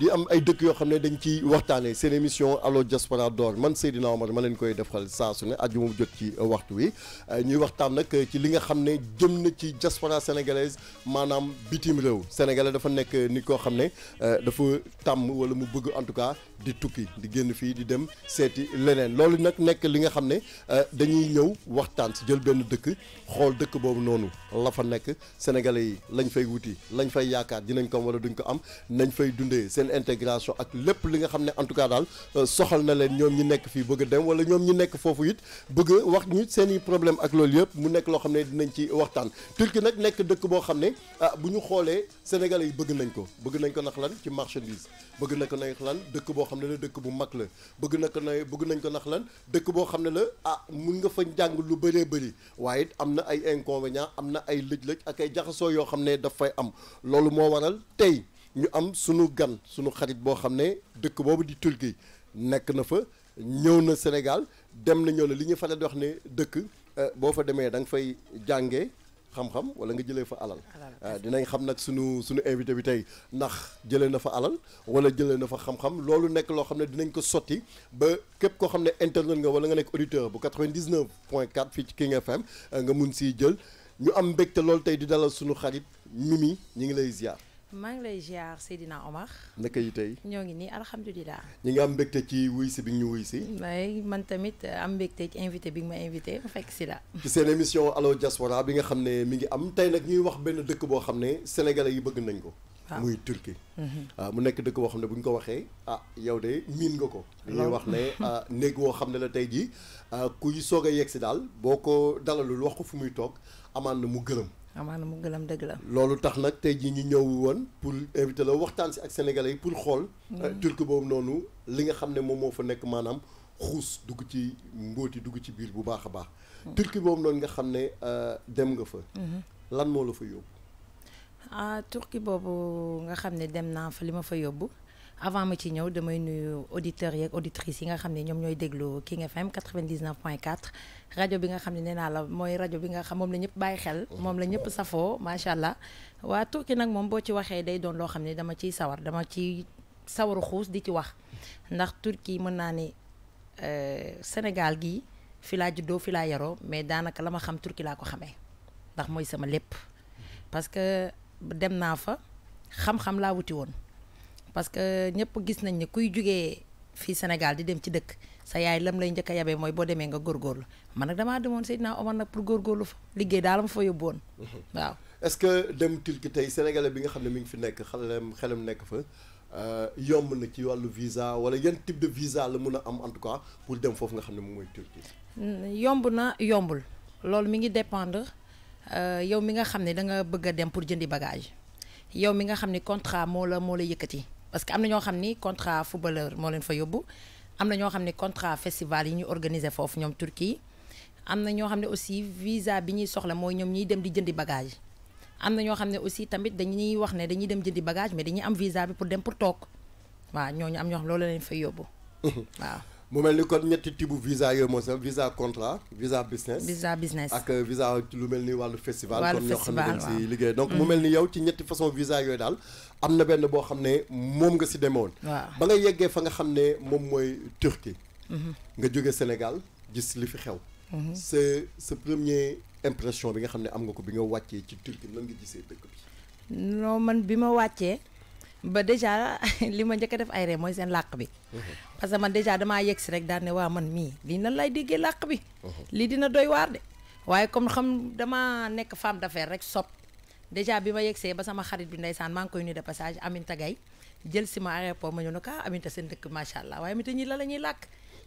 di am ay dëkk yoo xam ne dañ ciy waxtaanee seen émission allo diaspora d'or man Seydina Omar ma leen koy xal saa su ne àjjuma mu jot ci euh, waxtu wi euh, ñuy waxtaan nag euh, ci li nga xam ne jëm na ci diaspora sénégalaise maanaam bitim réew sénégalais dafa nekk nit koo xam ne dafa tàmm wala mu bëgg en tout cas di tukki di génn fii di dem seeti leneen loolu nag nekk li nga xam ne dañuy ñëw waxtaan si jël benn dëkk xool dëkk boobu noonu la fa nekk sénégalais yi lañ fay wuti lañ fay yaakaar dinañ ko am wala duñ ko am nañ fay dundee seen seen intégration ak lepp li nga xamné en tout cas dal euh, soxal na len ñom ñi nekk fi bëgg dem wala ñom ñi nekk fofu yit bëgg wax ñu seen problème ak lool yëpp mu nekk lo xamné dinañ ci waxtaan turki nak nekk dëkk bo xamné ah, bu ñu xolé Sénégalais yi bëgg nañ ko bëgg nañ ko nak lan ci marchandise bëgg nañ lan dëkk bo xamné la dëkk bu mak la bëgg ko bëgg nañ ko nak lan dëkk bo xamné la ah nga fa jàng lu bëré bëri waye it am ay inconvénients amna ay lëj-lëj ak ay jaxaso yo xamné fay am loolu mo waral tay ñu am sunu gan sunu xarit boo xam ne dëkk boobu di Turquie nekk na fa ñëw na Sénégal dem na ñëw na li ñu faral di wax ne dëkk eh, boo fa demee da nga fay jàngee xam-xam wala nga jëlee fa alal eh, dinañ xam nag sunu sunu invité bi tey ndax jëlee na fa alal wala jëlee na fa xam-xam loolu nekk loo xam ne dinañ ko sotti ba képp koo xam ne internet nga wala nga nekk auditeur bu 99 point 4 fii ci King FM eh, nga mun siy jël ñu am mbégte loolu tey di dalal sunu xarit Mimi ñi ngi lay ziar. maa ngi lay ziar Seydina Omar. naka yi tey. ñoo ngi nii alhamdulilah. ñi ngi am mbégte ci wuy si bi ñu wuy si. may man tamit am mbégte ci invité bi nga ma invité fekk si la. ci seen émission allo diaspora bi nga xam ne mi ngi am tey nag ñuy wax benn dëkk boo xam ne sénégalais yi bëgg nañ ko. muy Turquie. waaw mhm. ah, mu nekk dëkk boo xam ne bu ñu ko waxee ah yow de miin nga ko. dañuy wax ne ah, néeg woo xam ne la tey jii ah, kuy soog a yegg si daal boo ko dalalul wax ko fu muy toog amaan na mu gërëm. amaana mu gëlam dëgg la. loolu tax nag tey jii ñu ñëw woon pour invité la waxtaan si ak sénégalais yi pour xool. Mm. Euh, turki boobu noonu li nga xam ne moom moo fa nekk maanaam xuus dugg ci mbóoti dugg ci biir bu baax a baax. Mm. turki boobu noonu nga xam ne euh, dem nga fa. Mm-hmm. lan moo la fa yóbbu. ah turki boobu nga xam ne dem naa fa li ma fa yóbbu. avant ma ci ñëw damay nuyu auditeurs yeeg auditrice yi nga xam ñom ñoy ñooy déglu King FM 99.4 radio bi nga xam ne nee naa la mooy rajo bi nga xam mom la ñëpp bàyyi xel. mom la ñëpp safoo macha allah. waa tukki nag moom boo ci waxé day doon lo xam dama ci sawar dama ci sawaru xuus di ci wax ndax turki mën naa ni euh, Sénégal gi fi la juddoo fi la yaro mais danaka lama xam turki laa ko xamee ndax moy sama lépp parce que dem na fa xam-xam la wuti won parce que ñëpp gis nañ ne kuy jógee fii Sénégal di dem ci dëkk sa yaay lam lay njëkk a mooy boo demee nga góorgóorlu man nag damaa demoon Seydina Omar nag pour góorgóorlu fa liggéey daal ma fa yóbbuwoon mhm. waaw. est-ce que dem tey sénégalais bi nga xam ne mi ngi fi nekk xelam xelam nekk fa euh, yomb na ci wàllu visa wala yan type de visa la mun a am en pour dem foofu nga xam ne moom mooy Turquie. Mm, yomb na yombul loolu mi ngi dépendre euh, yow mi nga xam ne da nga bëgg a dem pour jëndi bagage yow mi nga xam ne contrat moo la moo la yëkkati. parce que am na ñoo xam contrat footballeur mo leen fa yobbu am na ñoo contrat festival yi ñu organiser fofu ñom Turquie am ñoo aussi visa bi ñi soxla moy ñom ñi dem di jëndi bagage am na ñoo xam aussi tamit dañuy wax ne dañuy dem jëndi bagage mais dañuy am visa bi pour dem pour toog Wa, ñooñu am ñoo xam loolu lañ fa yobbu wa mu melni kon ñetti tibu visa yo mo sax visa contrat visa business. visa business ak euh, visa lu melni ni festival. wàllu kon ñoo xam ci dañ liggéey donc mu mm. melni yow ci ñetti façon visa yo dal am na benn boo xam ne moom nga si demoon. ba nga yeggee fa nga xam ne moom mooy Turquie. Mhm. nga jóge Sénégal gis li fi xew. Mhm. sa sa premier impression bi nga xam ne am nga ko bi nga wàccee ci Turquie nan nga gisee dëkk bi. non man bi ma wàccee. ba déjà li ma njëkk def ay ree mooy seen làkk bi mhm. parce que man déjà damaa yegg si rek daal ne waa man mii lii nan lay déggee làkk bi lii dina doy waar de waaye comme xam damaa nekk femme d'affaires rek sopp déjà bi ma yegsee ba sama xarit bi ndeysaan maa ngi koy nuyu de passage Aminta Gaye jël si ma aéroport ma ñëw ne ko ah, Aminta seen dëkk macha allah waaye Aminta ñi la la ñuy làkk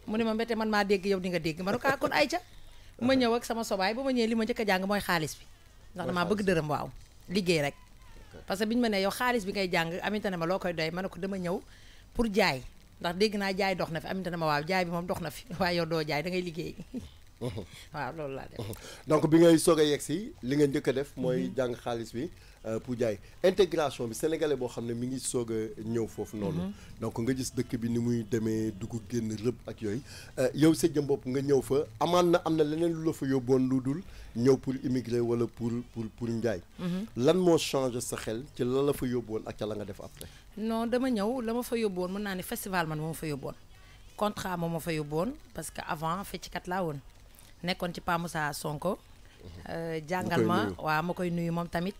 mu ne ma mbete man maa dégg yow di nga dégg ma ne ko ah, kon ayca ma ñëw ak sama sobaay ba ma ñëwee li ma njëkk a jàng mooy xaalis bi ndax damaa bëgg dërëm waaw liggéey rek parce que bi ñu ma ne yow xaalis bi ngay jàng Aminta ne ma loo koy doy ma ne ko dama ñëw pour jaay ndax dégg naa jaay dox na fi Aminta ne ma waaw jaay bi moom dox na fi waaye yow doo jaay da liggéey waaw loolu laa def. Mhm. donc bi ngay soog a yegg si li nga njëkk a def. mooy mhm. jàng xaalis bi euh, pour jaay intégration bi sénégalais boo xam ne mi ngi soog a ñëw foofu noonu. Mhm. donc nga gis dëkk bi ni muy demee dugg génn rëbb ak yooyu. Euh, yow sa jëm bopp nga ñëw fa amaan na am na leneen lu la fa yóbboon lu dul ñëw pour immigré wala pour pour pour njaay. lan moo changé sa xel ci la la fa yóbboon ak ca la nga def après. non dama ñëw la ma fa yóbboon mën naa ne festival man moo ma fa yóbboon contrat moo ma fa yóbboon parce que avant kat laa woon. nekkoon ci Pa Moussa Sonko. Euh, jàngal ma waa ma koy nuyu moom tamit.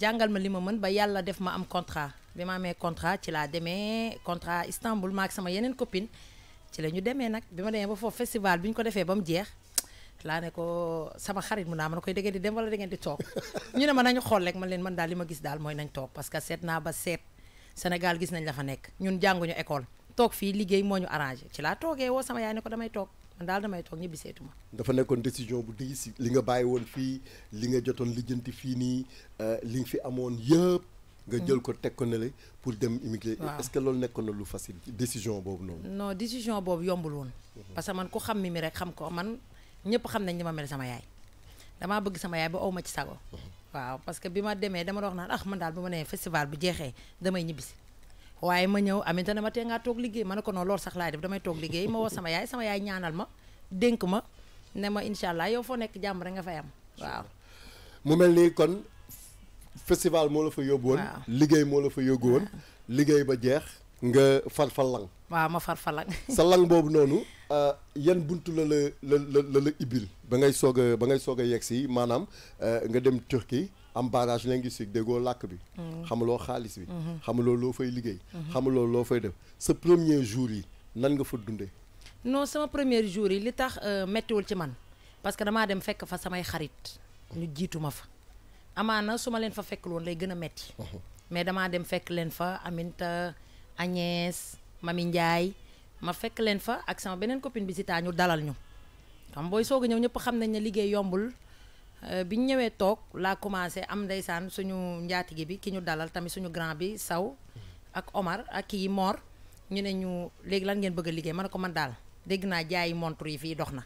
jàngal ma li ma mën ba yàlla def ma am contrat bi ma amee contrat ci laa demee contra Istanbul ma ak sama yeneen copine ci la ñu demee nag bi ma demee ba foofu festival bi ñu ko defee ba mu jeex laa ne ko sama xarit mu naa ma ne koy da di dem wala da di toog ñu ne ma nañu xool rek ma leen man daal li ma gis daal mooy nañ toog parce que seet naa ba seet Sénégal gis nañ la fa nekk ñun jànguñu école toog fii liggéey moo ñu arrangé ci laa toogee woo sama yaay ko damay toog man daal damay toog ñibbi seetuma dafa nekkoon décision bu diis li nga bàyyi woon fii li nga jotoon lijjanti fii nii euh, li nga fi amoon yëpp nga mm. jël ko teg ko nele pour dem immigré est-ce que loolu nekkoon na lu facile décision boobu noonu non décision boobu yombul woon mm-hmm. parce que man ku xam mi mi rek xam ko man ñëpp xam nañ ni ma mel sama yaay damaa bëgg sama yaay ba aw ma ci sago mm-hmm. waaw parce que bi ma demee dama doon naan ah man daal bu ma nee festival bu jeexee damay ñibbisi waaye ma ñëw aminte na ma tee ngaa toog liggéey ma ne ko noonu lool sax laay def damay toog liggéey ma woo sama yaay sama yaay ñaanal ma dénk ma ne ma incha allah yow foo nekk jàmm nga fay am waaw. mu mel ni kon festival moo la fa yóbbuwoon woon. liggéey moo la fa yóbbu woon. liggéey ba jeex nga farfalang. waaw ma far farfalang. sa lang boobu noonu euh, yan bunt la la la la ibbil ba ngay soog a ba ngay soog a yegg si maanaam euh, nga dem Turquie. am barrage linguistique déggoo làkk bi mm-hmm. xamuloo xaalis bi mm-hmm. xamuloo loo fay liggéey mm-hmm. xamuloo loo fay def sa premier jour yi nan nga fa dundee non sama premier jour yi li tax euh, méttiwul ci man parce que damaa dem fekk fa samay xarit ñu jiitu ma fa amaana su ma leen fa fekk woon lay gën a metti uh-huh. mais damaa dem fekk leen fa Aminta Agnès Mami Ndiaye ma fekk leen fa ak sama beneen copine bi si taa ñu dalal ñu xam booy soog a ñëw ñëpp xam nañ ne liggéey yombul Euh, biñ ñëwee toog laa commencé am ndeysaan suñu njaatige bi ki ñu dalal tamit suñu grand bi Saw ak Omar ak kii moor ñu ne ñu léegi lan ngeen bëgg a liggéey ma ne ko man daal dégg naa jaayi montre yi fii dox na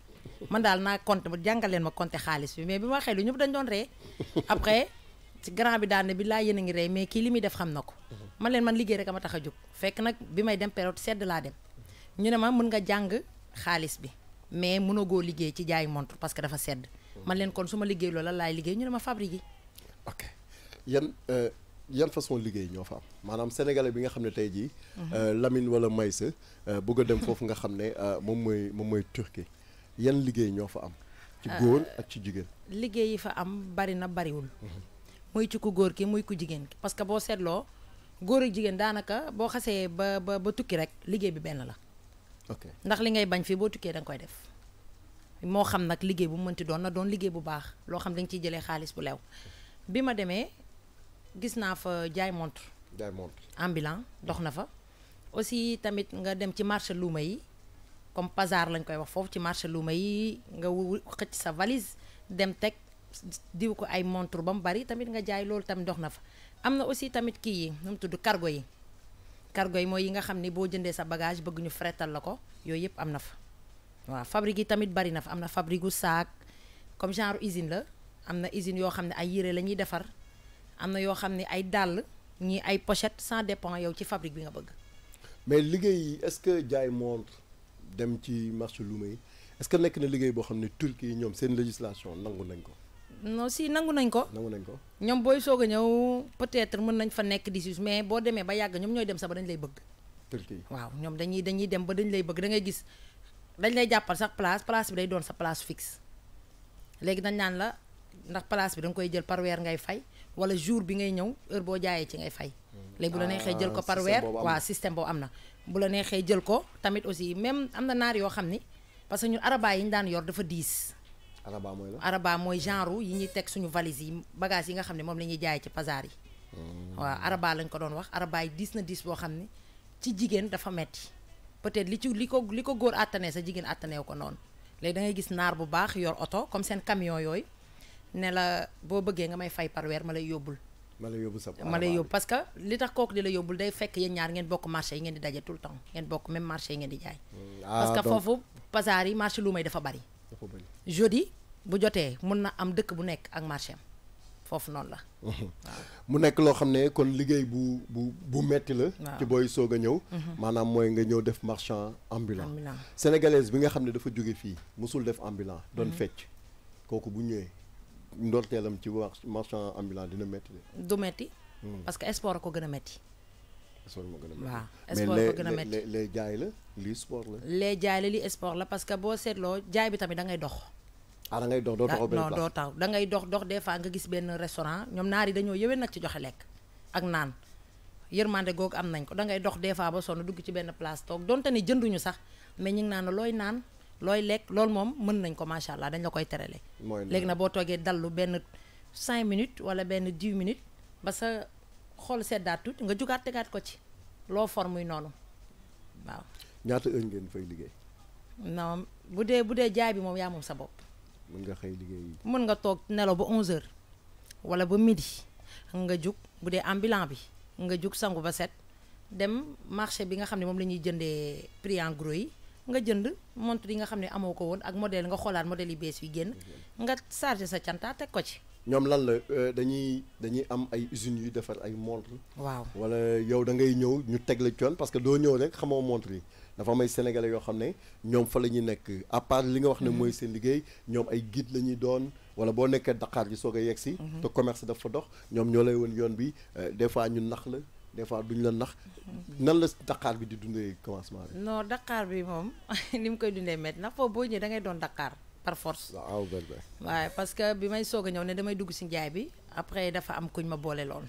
man daal naa compte jàngal leen ma compter xaalis bi mais bi ma waxee lu ñëpp dañ doon ree après ci bi daal ne bi laa yéen a ngi mais kii li muy def xam na ko man leen man liggéey rek a ma tax a jóg fekk nag bi may dem sedd laa dem ñu ne ma mën nga jàng xaalis bi mais mënagoo liggéey ci jaay montre parce que dafa sedd man leen kon su ma liggéey loola laay liggéey ñu ne ma fabrique yi ok yan euh, yan façon liggéey ñoo fa am maanaam sénégalais bi nga xam ne tey jii mhm. euh, Lamine wala Maysa euh, bëgg a dem foofu nga xam ne moom mooy moom mooy Turquie yan liggéey ñoo fa am ci góor ak ci jigéen liggéey yi fa am bari na bariwul mhm. muy ci ku góor ki muy ku jigéen ki parce que boo seetloo góor ak jigéen daanaka boo xasee ba ba ba tukki rek liggéey bi benn la ok ndax li ngay bañ fii boo tukkee da nga koy def moo xam nag liggéey bu mu mënti doon na doon liggéey bu baax loo xam dañ ciy jëlee xaalis bu leew bi ma demee gis naa fa jaay montre jaay montre dox na fa aussi tamit nga dem ci marché luuma yi comme bazar lañ koy wax foofu ci marché luuma yi nga xëcc sa valise dem teg diw ko ay montre ba mu bari tamit nga jaay loolu tamit dox na fa am na aussi tamit kii yi nu mu tudd cargo yi cargo yi mooy yi nga xam ni boo jëndee sa bagage bëgg ñu fretal la ko yooyu yëpp am na fa waaw fabrique yi tamit bari na fa am na fabrique gu comme genre usine la am na usine yoo xam ne ay yére la ñuy defar am na yoo xam ne ay dàll ñii ay pochette sans dépend yow ci fabrique bi nga bëgg. mais liggéey est-ce que jaay montre dem ci marché luuma yi est-ce que nekk na liggéey boo xam ne turki yi ñoom seen législation nangu nañ ko. non si nangu nañ ko. nangu nañ ko ñoom booy soog a ñëw peut-être mën nañ fa nekk di mais boo demee ba yàgg ñoom ñooy dem sa ba dañ lay bëgg. turki waaw ñoom dañuy dañuy dem ba dañ lay bëgg da ngay gis. dañ lay jàppal sax place place bi day doon sa place fixe léegi dañ naan la ndax place bi da nga koy jël par ngay fay wala jour bi ngay ñëw heure boo jaayee ci ngay fay. léegi bu la neexee jël ko par ah, weer waa système boo am na. bu la neexee jël ko tamit aussi même am na naar yoo xam ni parce que ñun araba yi ñu daan yor dafa diis. araba mooy la araba mooy genre yi ñu teg suñu valise yi bagage yi nga xam ne moom la ñuy jaay ci bazar yi. Hmm. waaw araba lañ ko doon wax araba yi diis na diis boo xam ne ci jigéen dafa metti peut-être li ci li ko li ko góor àttanee sa jigéen àttaneew ko noonu léegi da gis naar bu baax yor oto comme seen camion yooyu ne la boo bëggee nga may fay par weer ma lay yóbbul ma lay yóbbu sa ma lay yóbbu parce que li tax kooku di la yóbbul day fekk yéen ñaar ngeen bokk marché yi ngeen di daje tout le temps ngeen bokk même marché yi ngeen di jaay mm, ah, parce foofu bazar yi marché lu may dafa bari jeudi bu jotee mun na am dëkk bu nekk ak marché am foofu noonu la. mu nekk loo xam ne kon liggéey bu bu bu metti la. ci booy soog a ñëw. Mhm. maanaam mooy nga ñëw def marchand ambulant. sénégalaise bi nga xam ne dafa jóge fii mosul def ambulant doon mhm. fecc kooku bu ñëwee ndorteelam ci wax marchand ambulant dina metti de. du metti hmm. parce que sport ko gën a metti sport a metti waaw ko gën a metti mais la la. lee jaay la parce que boo seetloo jaay bi tamit da ngay dox. ah ngay dox doo taxaw doo taxaw da ngay dox dox des fois nga gis benn restaurant ñoom naar yi dañoo yëwee nag ci joxe lekk ak naan yërmande googu am nañ ko da ngay dox des fois ba sonn dugg ci benn place toog donte ni jënduñu sax mais ñu ngi naan looy naan looy lekk loolu moom mën nañ ko macha allah dañ la koy terale léegi na boo toogee dallu benn cinq minutes wala benn dix minutes ba sa xool seddaat tuuti nga jugaat tegaat ko ci loo formuy noonu waaw ñaata heure fay liggéey non bu dee bu dee jaay bi moom yaa moom sa bopp mën nga xëy liggéey. mën nga toog nelaw ba 11h wala ba midi nga jug bu dee ambulant bi nga jug sangu ba set dem marché bi nga xam ne moom la ñuy jëndee prix en gros yi nga jënd montre yi nga xam ne amoo ko woon ak modèle nga xoolaat modèle yi bees yi génn nga chargé sa canta teg ko ci. ñoom lan la euh, dañuy dañuy am ay usines yu defar ay montre waaw wala yow da ngay ñëw ñu teg la coon parce que doo ñëw rek xamoo montre yi. dafa am ay sénégalais yoo xam ne ñoom fa la ñuy nekk à li nga wax ne mm-hmm. mooy seen liggéey ñoom ay guide la ñuy doon wala boo nekkee Dakar ji soog a yegg si mm-hmm. te commerce dafa dox ñoom ñoo lay woon yoon bi euh, des fois ñu nax la des fois duñ la nax mm-hmm. nan la Dakar bi di dundee commencement bi non daqaar bi moom ni mu koy dundee métti na foofu boo ñëw da ngay doon Dakar par force waaw waaye parce que bi may soog a ñëw ne damay dugg si njaay bi après dafa am kuñ ma boole lool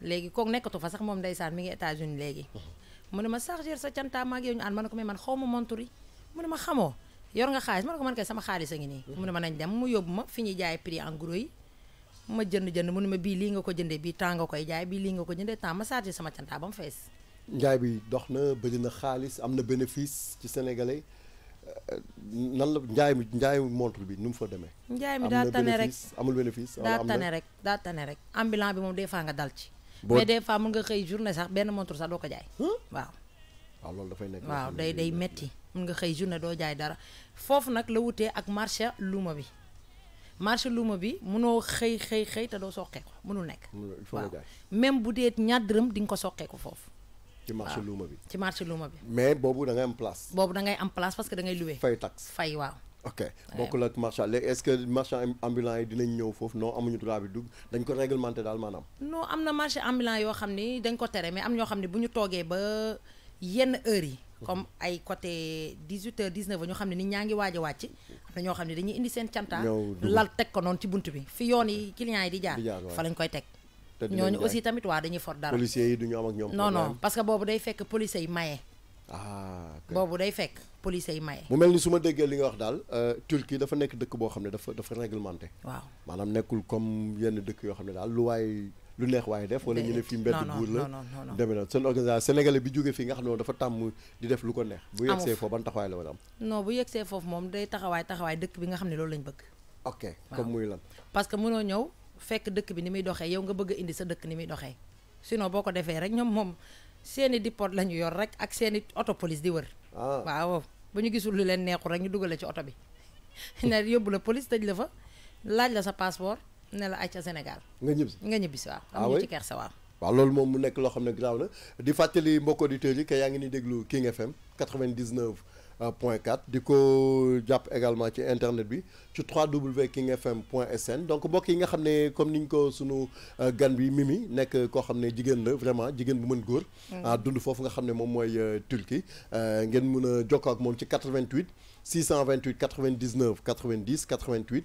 léegi kooku nekkatu fa sax moom ndeysaan mi ngi États-Unis léegi uh-huh. mu ne ma chargeur sa cantaa maag yow ñu ànd ko mais man xaw ma montre mu ne ma xamoo yor nga xaalis ma ne ko man kay sama xaalis a ngi nii mu ne ma nañ dem mu yóbbu ma fi ñuy jaay prix en gros yi ma jënd jënd mu ne ma bii lii nga ko jëndee bii temps nga koy jaay bii lii nga ko jëndee temps ma chargé sama cantaa ba mu fees njaay bi dox na bëri na xaalis am na bénéfice ci sénégalais euh, nan la njaay mi njaay montre bi nu mu fa demee njaay mi daa tane rek amul bénéfice daa tane rek daa tane rek ambulant bi moom des fois nga dal ci mais des fois mun nga xëy journée sax benn montre sax ko jaay. waaw. Ah, waaw loolu waaw day day metti mun nga xëy journée doo jaay dara foofu nag la wutee ak marché luuma bi. marché luuma bi munoo xëy xëy xëy te doo soqeeku munul nekk. même bu dee ñaar dërëm di nga ko soqeeku foofu. ci marché luuma bi ci marché luuma bi. mais boobu da ngay am place. boobu da ngay am place parce que da ngay loué. fay tax fay waaw. ok bokkul ak marchand léegi est-ce que marchand ambulant yi dinañ ñëw foofu non amuñu droit bi dañ ko réglementé daal maanaam. non am na marché ambulant yoo xam ni dañ ko tere mais am ñoo xam ne bu ñaa ngi waaj a wàcc. am na ñoo xam ne dañuy indi seen cànta. lal teg ko noonu ci bunt bi fi yoon yi clients yi di jaar. fa lañ koy teg. ñooñu aussi tamit waa dañuy for dara. policiers yi du am ak ñoom. non boobu day fekk policiers yi maye. ah boobu day fekk police yi maye. mu mel ni su ma déggee li nga wax daal euh, Turquie dafa nekk dëkk boo xam ne dafa dafa réglementé. waaw maanaam nekkul comme yenn dëkk yoo xam ne daal lu waay lu neex waaye def wala ñu ne fii mbedd buur la deme na seen organisation sénégalais bi jóge fii nga xam ne dafa tàmm di def lu ko neex. bu yegsee foofu ban taxawaay la war a am. non bu yegsee foofu moom day taxawaay taxawaay dëkk bi nga xam ne loolu lañ bëgg. ok parce que mënoo ñëw fekk dëkk bi ni muy doxee yow nga bëgg indi sa dëkk ni muy doxee boo ko defee rek moom seeni dipot la ñu yor rek ak seeni oto police di wër. Ah. waaw ba ñu gisul lu leen neexul rek ñu dugale ci oto bi. ne yóbbu la police tëj la fa laaj la sa passeport ne la ay ca Sénégal. nga ñibbisi nga ñibbisi waaw. Ah am ñu ci kersa waa waaw loolu moom mu nekk loo xam ne graaw na di fàttali mbokk auditeurs yi que yaa ngi ni déglu King FM 99. Euh, point diko japp également ci internet bi ci 3w king fm point sn donc bokki nga xamné comme niñ ko sunu euh, gan bi Mimi nek ko xamné ne vraiment jigen bu meun góor mm. à dund fofu nga xamné mom moy mooy euh, Turquie ngeen mun ak mom ci 88 628 99 90 88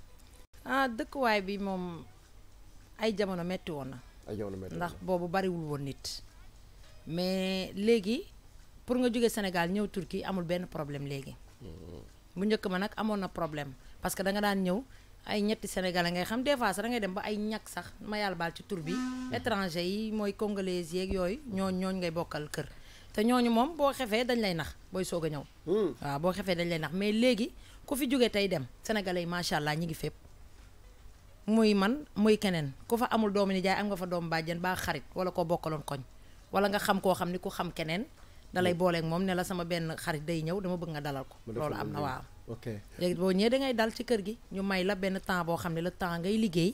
ah dëkkuwaay bi moom ay jamono metti woon na. ay ndax boobu bariwul woon nit. mais léegi pour nga jóge Sénégal ñëw Turquie amul benn problème léegi. Mm-hmm. bu njëkk ma nag amoon na problème parce que da nga daan ñëw ay ñetti sénégalais ngay xam des fois sax da ngay dem ba ay ñàkk sax ma yàlla ci tur bi. Mm-hmm. étranger yi mooy congolais yeeg yooyu ñooñ ñooñ ngay bokkal kër. te ñooñu moom boo xefee dañ lay nax booy soog a ñëw. Mm. waaw boo xefee dañ lay nax mais léegi ku fi jógee tey dem sénégalais yi macha allah ñi ngi fépp. muy man muy keneen ku fa amul doomu nijaay am nga fa doomu bàjjen baa xarit wala koo bokkaloon koñ wala nga xam koo xam ni ku xam keneen dalay lay moom ne la sama benn xarit day ñëw dama bëgg nga dalal ko loolu am na waaw ok léegi boo ñëwee da ngay dal ci kër gi ñu may la benn temps boo xam ne la temps ngay liggéey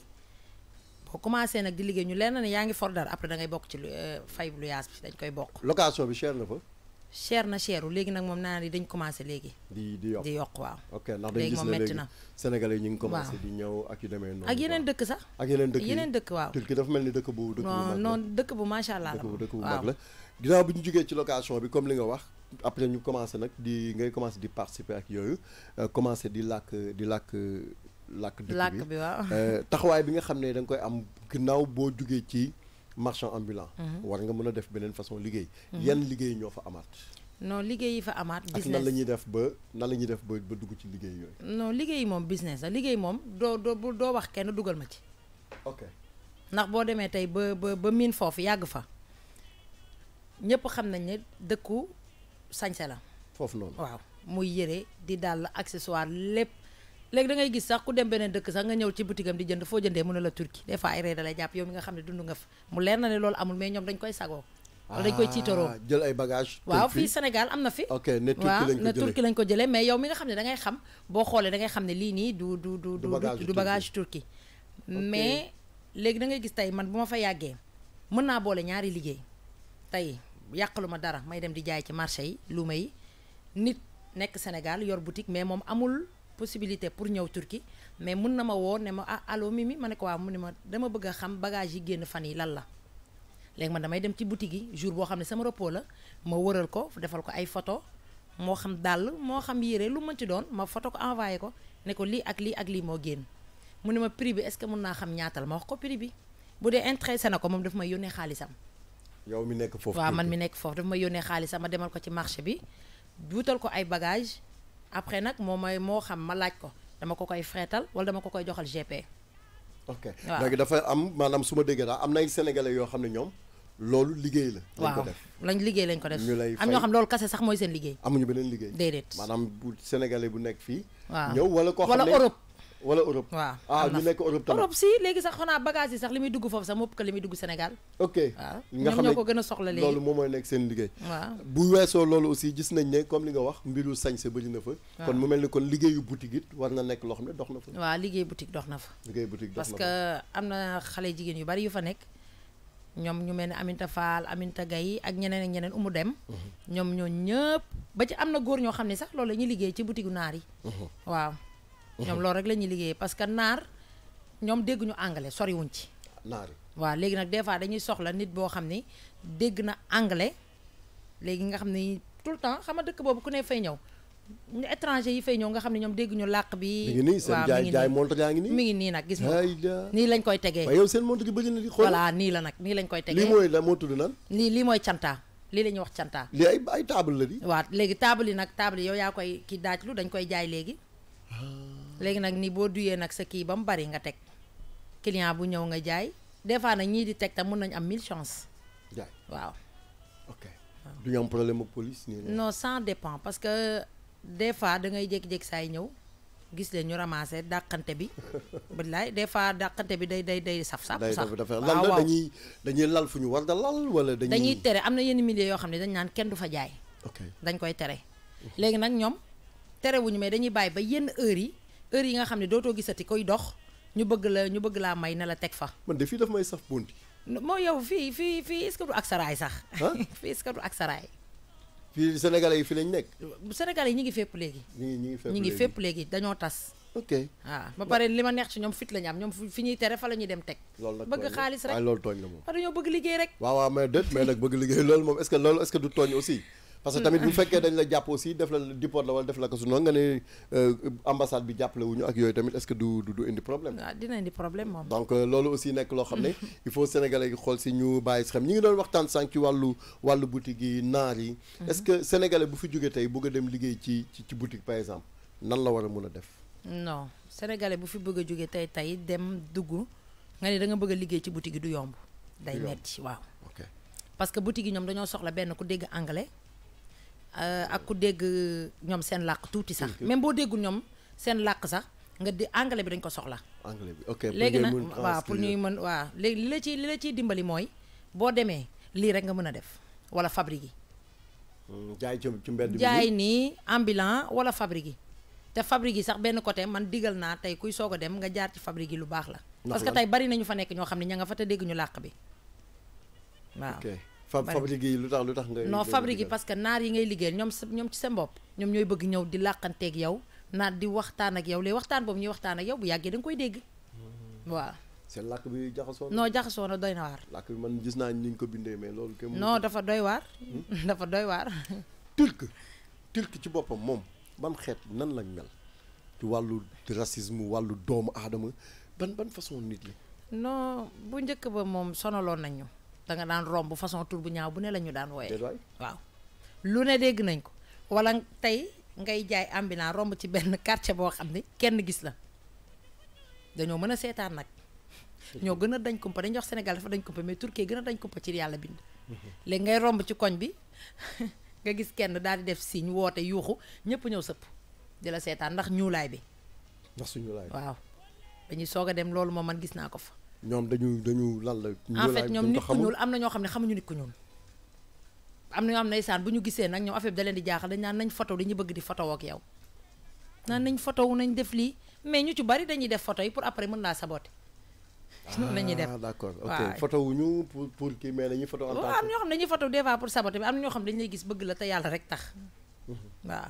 boo commencé nag di liggéey ñu lenn ne yaa ngi for dara après dangay bokk ci lu euh, fay lu yaas bi dañ koy bokk location bi cher na fa cher na cheru léegi nag moom naa ne dañ commencé léegi. di di yokk di yokk waaw. ok ndax dañu gis ne léegi Sénégalais ñu ngi commencé di ñëw ak yu demee noonu. ak yeneen dëkk sax. ak yeneen dëkk yeneen dëkk waaw. Turquie dafa mel ni dëkk bu dëkk bu mag la non bu macha allah la dëkk bu la. ginnaaw bi ñu jógee ci location bi comme li nga wax après ñu commencé nag di ngay commencé di participer ak yooyu euh, commencé di làkk di làkk. làkk di bi làkk bi waaw. Euh, taxawaay bi nga xam ne da koy am ginnaaw boo jógee ci marchand ambulant mhm. war nga mën a def beneen façon liggéey mhm. yan liggéey ñoo fa amaat non liggéey yi fa amaat business nan la ñuy def ba nan la ñuy def ba ba dugg ci liggéey yooyu liggéey moom business la liggéey moom doo doo doo wax kenn dugal ma ci ok ndax boo demee tey ba ba ba miin foofu yàgg fa ñépp xam nañ ne dëkku sañse la foofu noonu waaw muy yére di dàll accessoire lépp léegi da ngay gis sax ku dem beneen dëkk sax nga ñëw ci boutique am di jënd foo jëndee mën na la turki des ay ree da lay jàpp yow mi nga xam ne dund nga fa mu leer na ne loolu amul mais ñoom dañ koy sagoo wala dañ koy ah, tiitaroo jël ay bagage waaw fii Sénégal am na fi ok ne turki lañ ko jëlee mais yow nga xam ne da xam boo xoolee da ngay xam ne lii nii du du du du bagage turki mais léegi da ngay gis tey man bu ma fa yàggee mën naa boole ñaari liggéey tey yàqalu ma dara may dem di jaay ci marché yi luuma yi nit nekk Sénégal yor boutique mais moom amul possibilité pour ñëw turki mais mën na ma woo ne ma ah allo Mimi ma ne ko waaw mu ne ma dama bëgg a xam bagage yi génn fan yi lan la léegi man damay dem ci boutique yi jour boo xam ne sama repos la ma wëral ko defal ko ay photo moo xam dàll moo xam yére lu mën ci doon ma photo ko envoyé ko ne ko lii ak lii ak lii moo génn mu ne ma prix bi est-ce que mun naa xam ñaatal ma wax ko prix bi bu dee intéressé na ko moom daf may yónnee xaalisam. yow mi nekk foofu waaw man mi nekk foofu daf may yónnee xaalisam ma demal ko ci marché bi wutal ko ay bagage après nag moo may moo xam ma laaj ko dama ko koy freetal wala dama ko koy joxal GP. ok léegi dafa am maanaam su ma déggee daal am na ay sénégalais yoo xam ne ñoom loolu liggéey la. lañ ko def waaw lañ liggéey lañ ko def. ñu lay am ñoo xam loolu kase sax mooy seen liggéey. amuñu beneen liggéey déedéet. maanaam bu sénégalais bu nekk fii. waaw ñëw wala koo xam ne wala Europe. wala Europe. waaw ah ñu nekk Europe tamit Europe si léegi sax xanaa bagage yi sax li muy dugg foofu sax mopp ko li muy dugg Sénégal. ok waaw ñoom ñoo ko soxla léegi loolu moom mooy nekk seen liggéey. waaw bu weesoo loolu aussi gis nañ ne comme li nga wax mbiru sa bëri na fa. kon mu mel ni kon liggéeyu boutique it war na nekk loo xam ne dox na fa. waaw liggéey boutique dox na fa. liggéey boutique dox na fa parce que am na xale jigéen yu bari yu fa nekk. ñoom ñu mel ne Aminta faal Aminta Gaye ak ñeneen ak ñeneen umu dem mhm. ñoom ñoo ñëpp ba am na góor ñoo xam ne sax loolu la ñuy liggéey ci boutique naar ñoom loolu rek la ñuy liggéeyee parce que naar ñoom dégguñu anglais soriwuñ ci. naar waaw léegi nag des fois dañuy soxla nit boo xam ni dégg na anglais léegi nga xam ni tout le temps xam nga dëkk boobu ku ne fay ñëw. étranger yi fay ñëw nga xam ne ñoom dégguñu làkk bi. mi ngi nii mi ngi nii nag gis nga nii lañ koy tegee. waaye yow seen montage bëri na di xool. voilà nii la nag nii lañ koy tegee. lii mooy la moo tudd nan. mooy cantaa lii la ñuy wax cantaa. lii ay ay table la di. waaw léegi table yi nag table yi yaa koy ki daaj lu dañ koy jaay léegi. Ah. léegi nag ni boo duyee nag sa kii ba mu bari nga teg client bu ñëw nga jaay des fois nag ñii di teg tam mun nañu am mille chance. waaw. ok du ñu am problème police nii non ça dépend parce que des fois da ngay jékki-jékki saay ñëw gis leen ñu ramassé dàqante bi billaay des fois dàqante bi day day day saf saf sax waaw dañuy dañuy lal fu ñu war da lal wala dañuy tere am na yenn milieu yoo xam ne dañ naan kenn du fa jaay. ok dañ koy tere. léegi nag ñoom terewuñu mais dañuy bàyyi ba yenn heures yi. heure yi nga xam doto gisati koy dox ñu bëgg la ñu bëgg la may na la tek fa. man de fii daf may saf bunti. mo yow fi fi fi est-ce que du ak saraay sax. fi est-ce que du ak saraay. fii sénégalais yi fi lañ nek sénégalais yi ñu ngi fépp légui ñi ngi ñu légui dañu tass ok ah ba paré lima neex ci ñom fit lañ am ñom fi ñi téré fa la dem tek bëgg xaaliss rek waaye ah, loolu tooñ la mo dañu bëgg liggéey rek. wa wa mais deut mais nak bëgg liggéey lool mom est-ce que lool est-ce que du togn aussi parce que tamit bu fekkee dañ la jàpp aussi def la diport la wala def la ko su noonu nga ne euh, ambassade bi jàppale wuñu ak yooyu tamit est-ce que du du indi problème. waaw ah, dina indi problème donc euh, loolu aussi nekk loo xam ne il faut sénégalais yi xool si ñu bàyyi si xam ñi ngi doon waxtaan sànq ci wàllu wàllu boutique mhm. ce que sénégalais bu fi jógee tey bëgg a dem liggéey ci ci boutique par exemple nan la war a mën a def. non sénégalais bu fi bëgg a jóge tey tey dem dugg nga ne da nga bëgg liggéey ci boutique yi du yomb. day metti waaw. parce que boutique yi ñoom dañoo soxla benn ku dégg anglais Euh, aku deg dégg sen lak tuti tuuti sax même boo déggul ñoom seen làkk sax nga di anglais bi dañ ko soxla anglais bi ok léegi nag wa pour ñuy mën wa léegi li la li la dimbali moy bo démé li rek nga mëna def wala fabrique hmm, jaay ci ci jaay ni ambulant wala fabrique té te fabrique sax benn côté man digal na tay kuy soog dem nga jaar ci fabrique lu bax la parce que tay bari nañu fa nek ño xamni ña nga fa té dégg ñu laq bi fabrique yi lu tax lu tax nga. non fabrique yi parce que naar yi ngay liggéeyal ñoom sa ñoom ci seen bopp. ñoom ñooy bëgg ñëw di làqanteeg yow naar di waxtaan ak yow lay waxtaan boobu ñuy waxtaan ak yow bu yàggee da koy dégg. Mm-hmm. waaw. seen làkk bi jaxasoo non jaxasoo na doy na waar. bi man gis naa ni ñu ko bindee mais loolu. kenn non dafa doy war hmm? dafa doy war tilk tilk ci boppam mom bam xeet nan lañ mel ci wàllu racisme wàllu doomu aadama ban ban façon nit yi. non bu njëkk ba moom sonaloon nañ ñu da nga daan romb façon tour bu ñaaw bu ne la ñu daan wooyee waaw lu ne dégg nañ ko wala tey ngay jaay ambulant romb ci benn quartier boo xam ne kenn gis la dañoo mën a seetaan nag ñoo gën a dañ kumpa dañ wax senegal dafa dañ kumpa mais Turquie gën a dañ kumpa ci yàlla bind mhm. léegi ngay romb ci koñ bi nga gis kenn daal di def signe woote yuuxu ñëpp ñëw sëpp di la seetaan ndax ñuulaay bi ndax su ñuulaay waaw dañuy soog a dem loolu moom man gis naa ko fa ñoom dañu dañu lan la. en fait ñoom nit ku ñuul am na ñoo xam ne xamuñu nit ku ñuul. am na ñoo xam ne saan bu ñu gisee nag ñoom affaire bi da leen di jaaxal dañ naan nañ photo dañu bëgg di photo ak naan nañ photo wu nañ def lii mais ñu ci bari dañuy def photo yi pour après mën laa saboter. Ah, noonu la ñuy def ah d' accord ok photo wu ñu pour kii mais dañuy photo. en tant am ñoo xam ne dañuy foto des fois pour saboter bi am na ñoo xam dañu lay gis bëgg la te yàlla rek tax mhm. waa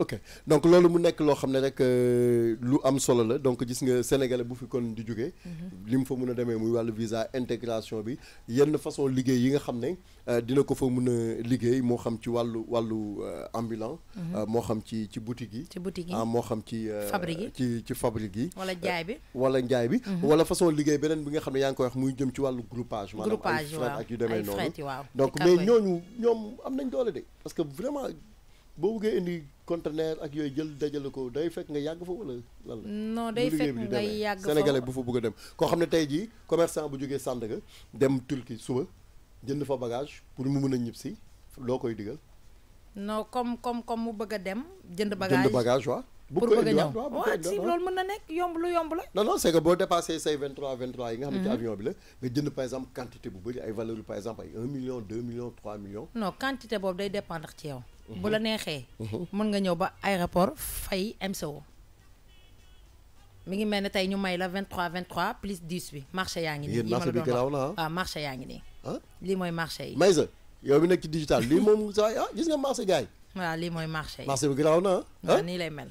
ok donc loolu mu nekk loo xam ne rek euh, lu am solo la donc gis nga sénégalais bu fi kon di jógee. Mhm. lim fa mun a demee muy wàllu visa intégration bi yenn façon liggéey yi nga xam ne euh, dina ko fa mun a liggéey moo xam ci wàllu wàllu euh, ambulant. Mhm. moo xam ci ci boutique yi. ci boutique yi ah, moo xam ci. ci ci fabrique yi. wala njaay bi wala njaay bi. Mhm. wala façon liggéey beneen bi nga xam ne yaa ngi koy wax muy jëm ci wàllu groupage. groupage maanaam ay ak yu demee noonu. donc mais ñooñu ñoom am nañ doole de parce que vraiment boo buggee indi conteneur ak yoy jël dajal ko day fekk nga yag fa wala lan la. non day fekk nga yag fa sénégalais bu fa bëgg dem. ko xam tay ji commerçant bu jógee Sandaga dem turki suba jënd fa bagage pour mu mëna a ñib si koy digal. non comme comme comme mu bëgg dem. jënd bagage jënd bagage waaw. pour bëgg a ñëw waaw si loolu mën na yomb lu yomb la. non non c'est que bo dépassé say 23 23 yi nga xam ci mm-hmm. avion bi la nga jënd par exemple quantité bu bëri ay valeur par exemple ay 1 million 2 millions 3 millions. non quantité boobu day dépendre ci yow. bu la neexee. Mhm. mën nga ñëw ba aéroport fay MCO. mi ngi mel ni tey ñu may la 23 23 plus 10 bi marché yaa ngi nii. yéen marché bi garaaw ah. waaw marché yaa ngi nii. Ah. lii mooy marché yi. Maïssa yow mi nekk ci digital lii moom saa ah gis nga marché gars yi. lii mooy marché yi. marché bi garaaw na ah. nii lay mel.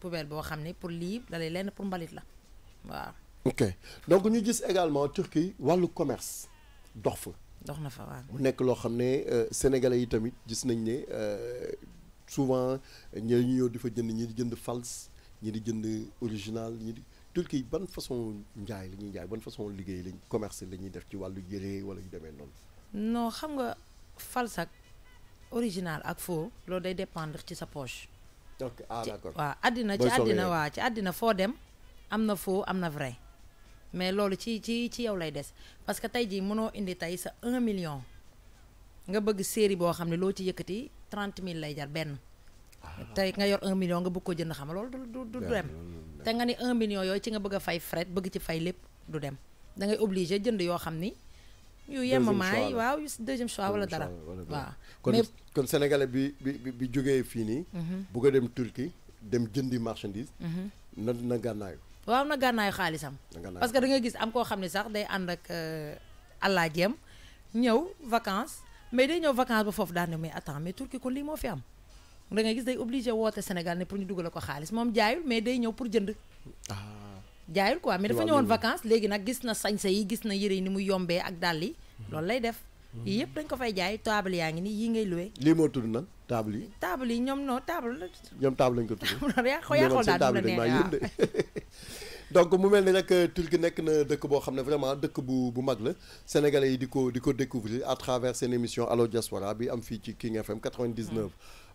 poubelle bo xamné pour lii dalay lenn pour mbalit la waaw. ok donc ñu gis également Turquie walu commerce dox fa. dox na fa waaw mu nek lo xamné ne euh, sénégalais yi tamit gis nañ né euh, souvent ñoo ñu ñëw di jënd ñi di jënd false ñi di jënd original ñi di Turquie ban façon njaay li ñi njaay ban façon liggéey li commerce la ñuy def ci walu jëré wala yu démé non non xam nga fals ak original ak faux loolu day dépendre ci sa poche. ok ah waaw àddina ci àddina waa ci àddina foo dem am na foo am na vrai mais loolu ci ci ci yow lay des parce que tey jii mënoo indi tey sa un million nga bëgg série boo xam ne loo ci yëkkati trente mille lay jar benn ah. tey nga yor un million nga bëgg ko jënd xam loolu du du dem te nga ni un million yooyu ci nga bëgg fay fret bëgg ci fay lépp du dem dangay ngay jënd yoo xam ni yu yemamaay waaw yu deuxième choix wala dara waaw kon kon sénégalais bi bi bi jógee fii nii mhm. bu ko dem Turquie dem jëndi marchandise mhm. na na gànnaayu waaw na gànnaayu xaalisam parce que da nga gis am koo xam ne sax day ànd ak àllaa euh, jeem ñëw vacances mais day ñëw vacances ba foofu daane mais attends mais Turquie kon lii moo fi am da nga gis day obligé woote Sénégal ne pour ñu dugal ko xaalis moom jaayul mais day ñëw pour jënd ah. jaayul quoi mais dafa ñëwoon vacances gis na yi gis na ni mu ak yi lay def dañ ko fay jaay table ngay table yi table yi table la table lañ ko donc mu mel ni euh, na vraiment bu bu mag la sénégalais yi découvrir à travers seen émission Allo Diaspora bi am ci King FM 99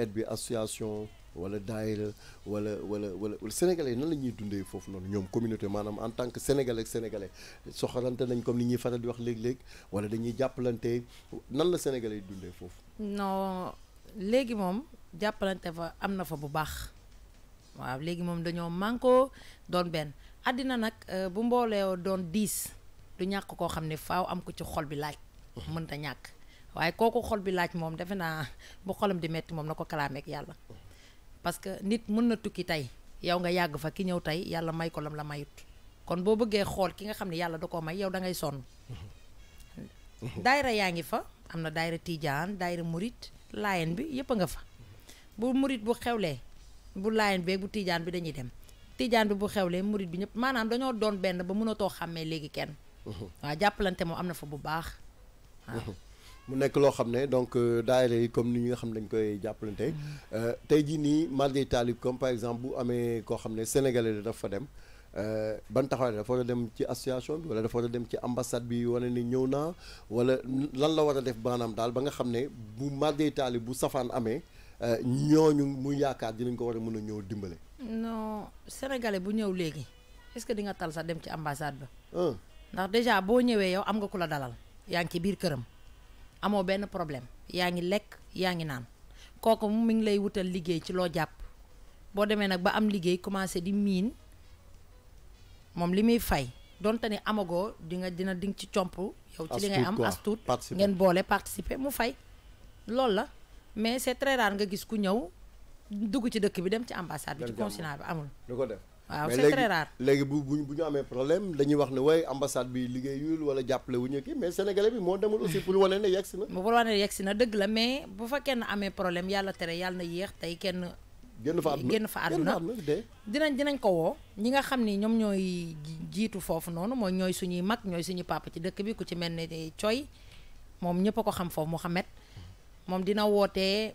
aide bi association wala daayira wala wala wala sénégalais nan la ñuy dundee foofu noonu ñoom communauté maanaam en tant que sénégalais ak sénégalais soxalante nañ comme ni ñuy faral di wax léeg-léeg wala dañuy jàppalante nan la sénégalais yi dundee foofu. non léegi moom jàppalante fa am na fa bu baax waaw léegi moom dañoo mànkoo doon benn àddina nag euh, bu mboolee doon diis du ñàkk koo xam ne faw am ko ci xol bi laaj. Mm-hmm. mënta ñàkk. waaye kooku xol bi laaj moom defe naa bu xolam di metti moom na ko kalaameek yàlla parce que nit mën na tukki tey yow nga yàgg fa ki ñëw tey yàlla may ko lam la mayut kon boo bëggee xool ki nga xam ne yàlla da ko may yow da ngay sonn daayira yaa ngi fa am na daayira tiijaan daayira murit laayen bi yëpp a nga fa bu murit bu xewlee bu laayen beeg bu tiijaan bi dañuy dem tiijaan bi bu xewlee murit bi ñëpp maanaam dañoo doon benn ba mënatoo xàmmee léegi kenn waaw jàppalante moom am na fa bu baax mu nekk loo xam ne donc euh, daayira yi comme ni ñi nga xam ne dañ koy jàppalante mm-hmm. euh, tey jii nii malgré taalib comme par exemple bu amee koo xam ne sénégalais dafa fa dem euh, ban taxawaay dafa dem ci association wala dafa war a dem ci ambassade bi wane ni ñëw naa wala lan la war a def baanaam daal ba nga xam ne bu malgré taalib bu safaan amee ñooñu mu yaakaar dinañ ko war a mën a ñëw dimbale. non sénégalais bu ñëw léegi est-ce que di nga tal sax dem ci ambassade ba. ndax déjà boo ñëwee yow am nga ku la dalal yaa ngi ci biir këram. amoo benn problème yaa ngi lekk yaa ngi naan kooku mu mi ngi lay wutal liggéey ci loo jàpp boo demee nag ba am liggéey commencé di miin moom li muy fay donte ni amagoo di nga dina di nga ci comp yow ci li ngay am as ngeen boole participer mu fay loolu la mais c'est très rare nga gis ku ñëw dugg ci dëkk bi dem ci ambassade bi ci consulat bi amul waaw c'est très rare léegi bu bu ñu amee problème dañuy wax ne way ambassade bi liggéeyul wala jàppale wu ñu kii mais sénégalais bi moo demul aussi pour wane ne na. pour wane ne yegsi na dëgg la mais bu fa kenn amee problème yàlla tere yàlla na yéex tey kenn. génn fa àdduna génn fa àdduna dinañ dinañ ko woo ñi nga xam ni ñoom ñooy jiitu foofu noonu mooy ñooy suñuy mag ñooy suñuy pàpp ci dëkk bi ku ci mel ne coy moom ñëpp a ko xam foofu Mouhamed moom dina wootee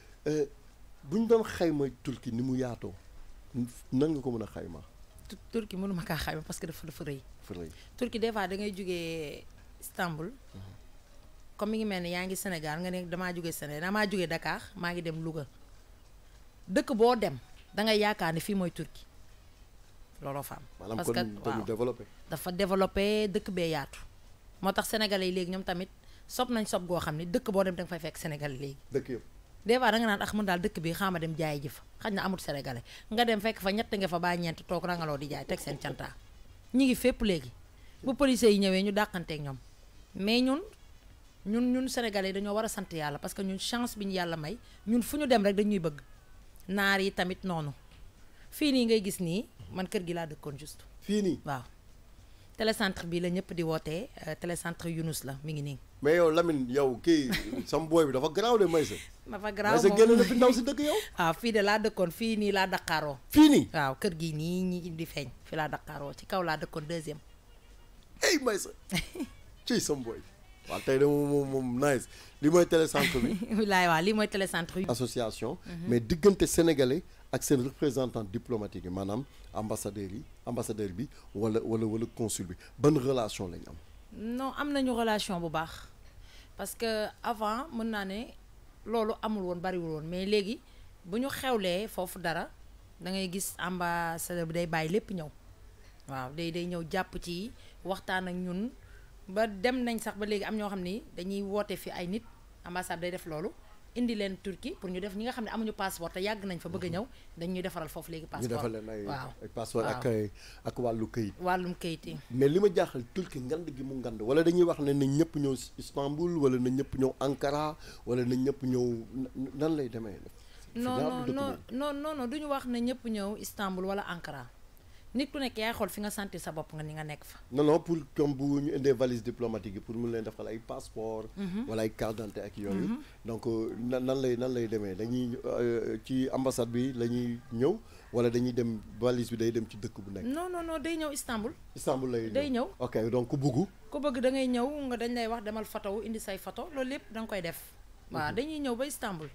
Euh, bu ñu doon xayma turki ni mu yaatoo nan nga ko mën a xayma. turki mënu ma kaa xayma parce que dafa dafa rëy. dafa rëy turki des fois da ngay jugee Istanbul. Mhm. comme mi ngi mel ne yaa ngi Sénégal nga ne damaa jóge Sénégal damaa jugee Dakar maa ngi dem luga dëkk boo dem da ngay yaakaar ne fii mooy turki looloo fa am. parce que waaw développé. dafa développé dëkk bee yaatu. moo tax sénégalais yi léegi ñoom tamit sob nañ sob goo xam ne dëkk boo dem da nga fay fekk sénégalais léegi. des fois da nga nan ax ah, man daal bi xama dem jaay jif fa na amul sénégalais nga dem fekk fa ñett nga fa tok na nga lo di jaay tek sen cantaa ñi ngi fepp legi bu police yi ñewé ñu ak ñom mais ñun ñun ñun sénégalais dañu wara sante yalla parce que ñun chance biñu yalla may ñun fuñu dem rek dañuy bëgg naar yi tamit nonu fini ngay gis ni man kër gi la dekkone juste fini waaw télécentre bi la ñëpp di wootee euh, télécentre Yunus, la mi ngi ni mais yow Lamine yow ki sam boy bi dafa garaaw de Maysa. dafa garaaw moom Maysa génn na fi ndaw si dëkk yow. ah fi de laa dëkkoon fi ni la dakaro fi ni waaw kër gi ni ñi di feñ fi la dakaro ci kaw deuxième. hey Maysa ciy sam boy wa tay de moom moom nice li mooy télécentre bi. wilaay wa li moy télécentre association. Mhm. mais digënté sénégalais ak représentant diplomatique yi ambassadeur ou ambassadeur bi wala consul bi ban relation lañ am. non am relation bu parce que avant mën naa ne loolu amul mais léegi bu ñu xewlee foofu dara da ngay gis ambassadeur bi day bàyyi lépp ñëw waaw day day ñëw jàpp ci waxtaan ak ñun ba dem nañ sax ba léegi am ñoo xam dañuy woote fi indi leen Turquie pour ñu def ñi nga xam ne amuñu passeport te yàgg nañ fa bëgg a mhm. ñëw dañuy defaral foofu léegi passeport ñu defal leen ay ay ak ak wàllu këyit wàllum këyit yi mais li ma jaaxal Turquie ngand gi mu ngand wala dañuy wax ne nañ ñëpp ñëw Istanbul wala nañ ñëpp ñëw Ankara wala nañ ñëpp ñëw nan lay demee non non non non non wax ne ñëpp ñëw Istanbul wala Ankara nit ku nekk yaay xool fi nga sentir sa bopp nga ni nga nekk fa. non non pour comme bu ñu indee valise diplomatique yi pour mun leen defal ay passeport. Mhm. wala ay carte d'identité ak yooyu. Mhm. donc euh, nan lay nan lay demee dañuy euh, ci ambassade bi la ñuy ñëw wala dañuy dem valise bi day dem ci dëkk bu nekk. no non non day ñëw Istanbul. Istanbul lay day ñëw ok donc ku bugg. ku bëgg da ngay ñëw nga dañ lay wax demal photo indi say photo loolu lépp da nga koy def. Mhm. waaw dañuy ñëw ba Istanbul.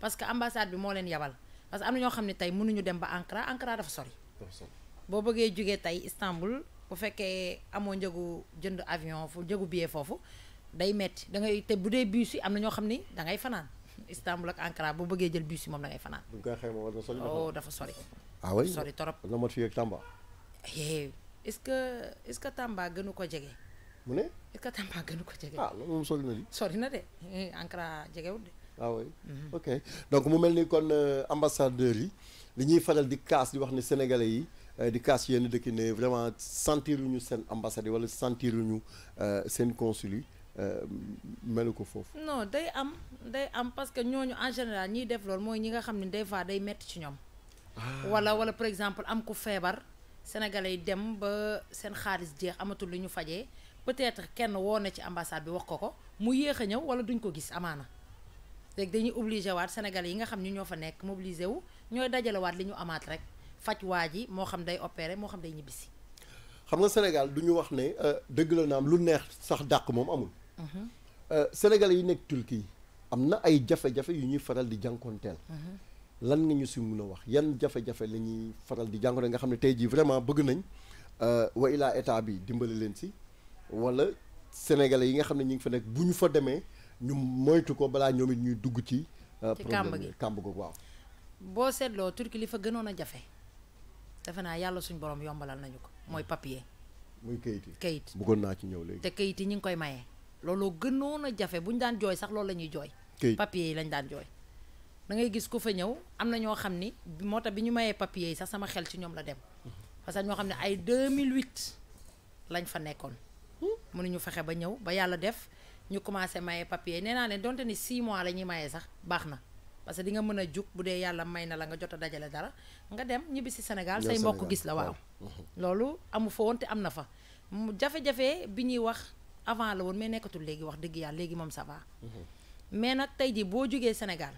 parce que ambassade bi moo leen yabal parce que ñoo xam ne tey mënuñu dem ba Ankara Ankara dafa sori. boo bëggee jógee tey Istanbul bu fekkee amoo njëgu jënd avion fu njëgu billet foofu day metti da ngay te bu dee bus yi am na ñoo xam ni da ngay fanaan Istanbul ak Ankara boo bëggee jël bus yi moom da ngay fanaan. bu ñu koy xayma war na sori. oh dafa sori. ah oui sori trop. na mot eh, est-ce que est-ce que Tamba gënu ko jege. mu ne. est-ce que Tamba ko jege. ah loolu moom sori na di. sori na de eh, Ankara jegewul de. ah mhm. ok donc mu mel ni kon euh, ambassadeurs yi li ñuy faral di kaas di wax ne sénégalais yi. Euh, di une yenn deuk vraiment ñu sen ambassade wala ñu consul yi mais le non day am day am parce que ñoñu en général ñi def lool moy ñi nga des fois day metti ci ah. par exemple am ko sénégalais dem ba sen jeex peut-être kenn woné ci ambassade bi wax ko ko mu yéxa ñew wala duñ ko gis amana dañuy obligé waat sénégalais yi nga wu waat faj waa ji moo xam day opéré moo xam day ñibbisi. xam nga Sénégal du ñu wax ne euh, dëgg la naam lu neex sax dàq moom amul. Mhm. Euh, sénégalais yi nekk Turquie am na ay jafe-jafe yu ñuy faral di jànkonteel. Mhm. lan nga ñu si mun a wax yan jafe-jafe la faral di jànkonteel nga xam ne tey jii vraiment bëgg nañ euh, wa ilaa état bi dimbali leen si wala sénégalais yi nga xam ne ñu ngi fa nekk bu ñu fa demee ñu moytu ko balaa ñoom it ñuy dugg ci. ci kàmb gi problème kàmb googu waaw. boo seetloo Turquie li gënoon a jafe. defe naa yàlla suñ borom yombalal nañu ko mooy mm. papier. muy kayit yi kayit naa ci ñëw léegi. te kayit yi ñu ngi koy maye. looloo gënoon a jafe bu ñu daan jooy sax loolu la ñuy jooy. kayit papier yi lañ daan jooy. da ngay gis ku fa ñëw am na ñoo xam ni moo tax bi ñu mayee papier yi sax sama xel ci ñoom la dem. Mm-hmm. parce que ñoo xam ne ay 2008 lañ fa nekkoon. Hmm? ñu fexe ba ñëw ba yàlla def ñu commencé maye papier nee naa ne donte ni 6 mois la ñuy maye sax baax na. parce que di nga mën a jug bu dee yàlla may na la nga jot a dajale dara nga dem ñibbi si Sénégal say mbokk gis la waaw loolu amu fa woon te am na fa jafe-jafe bi ñuy wax avant la woon mais nekkatul léegi wax dëgg yàlla léegi moom ça mhm. mais nag tey jii boo jugee Sénégal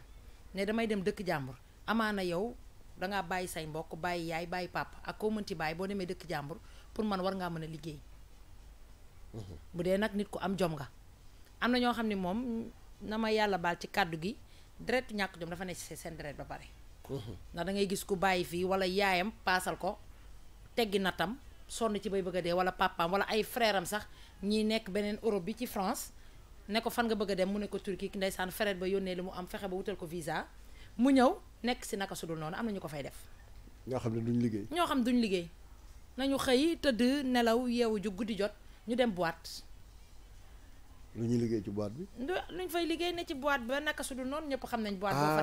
ne damay dem dëkk jàmbur amaana yow dangaa bàyyi say mbokk bàyyi yaay bàyyi papa ak koo mënti bàyyi boo demee dëkk jàmbur pour man war ngaa mën a liggéey mhm. bu dee nag nit ku am jom nga am na ñoo xam ne moom na ma yàlla baal ci kàddu gi Dret ñak jom dafa ne ci seen ba pare mhm. na da ngay gis ku bàyyi fi wala yaayam passal ko teggi natam sonn ci bay bëgg wala papam wala ay fréram sax ñi nekk benen Europe bi ci France ne ko fan nga bëgg a dem mu ne ko Turquie ndaysan ba yonne lu mu am fexé ba wutal ko visa mu ñew nekk ci naka sudul non am na ko fay def ño xam ne duñ liggéey ño xam duñ liggéey nañu xey teud nelaw yewu ju guddi jot ñu dem boîte lu ñuy liggéey ci boîte bi. luñ fay liggéey ne ci boîte ba naka su dul noonu ñëpp xam nañ boîte boo fa ah,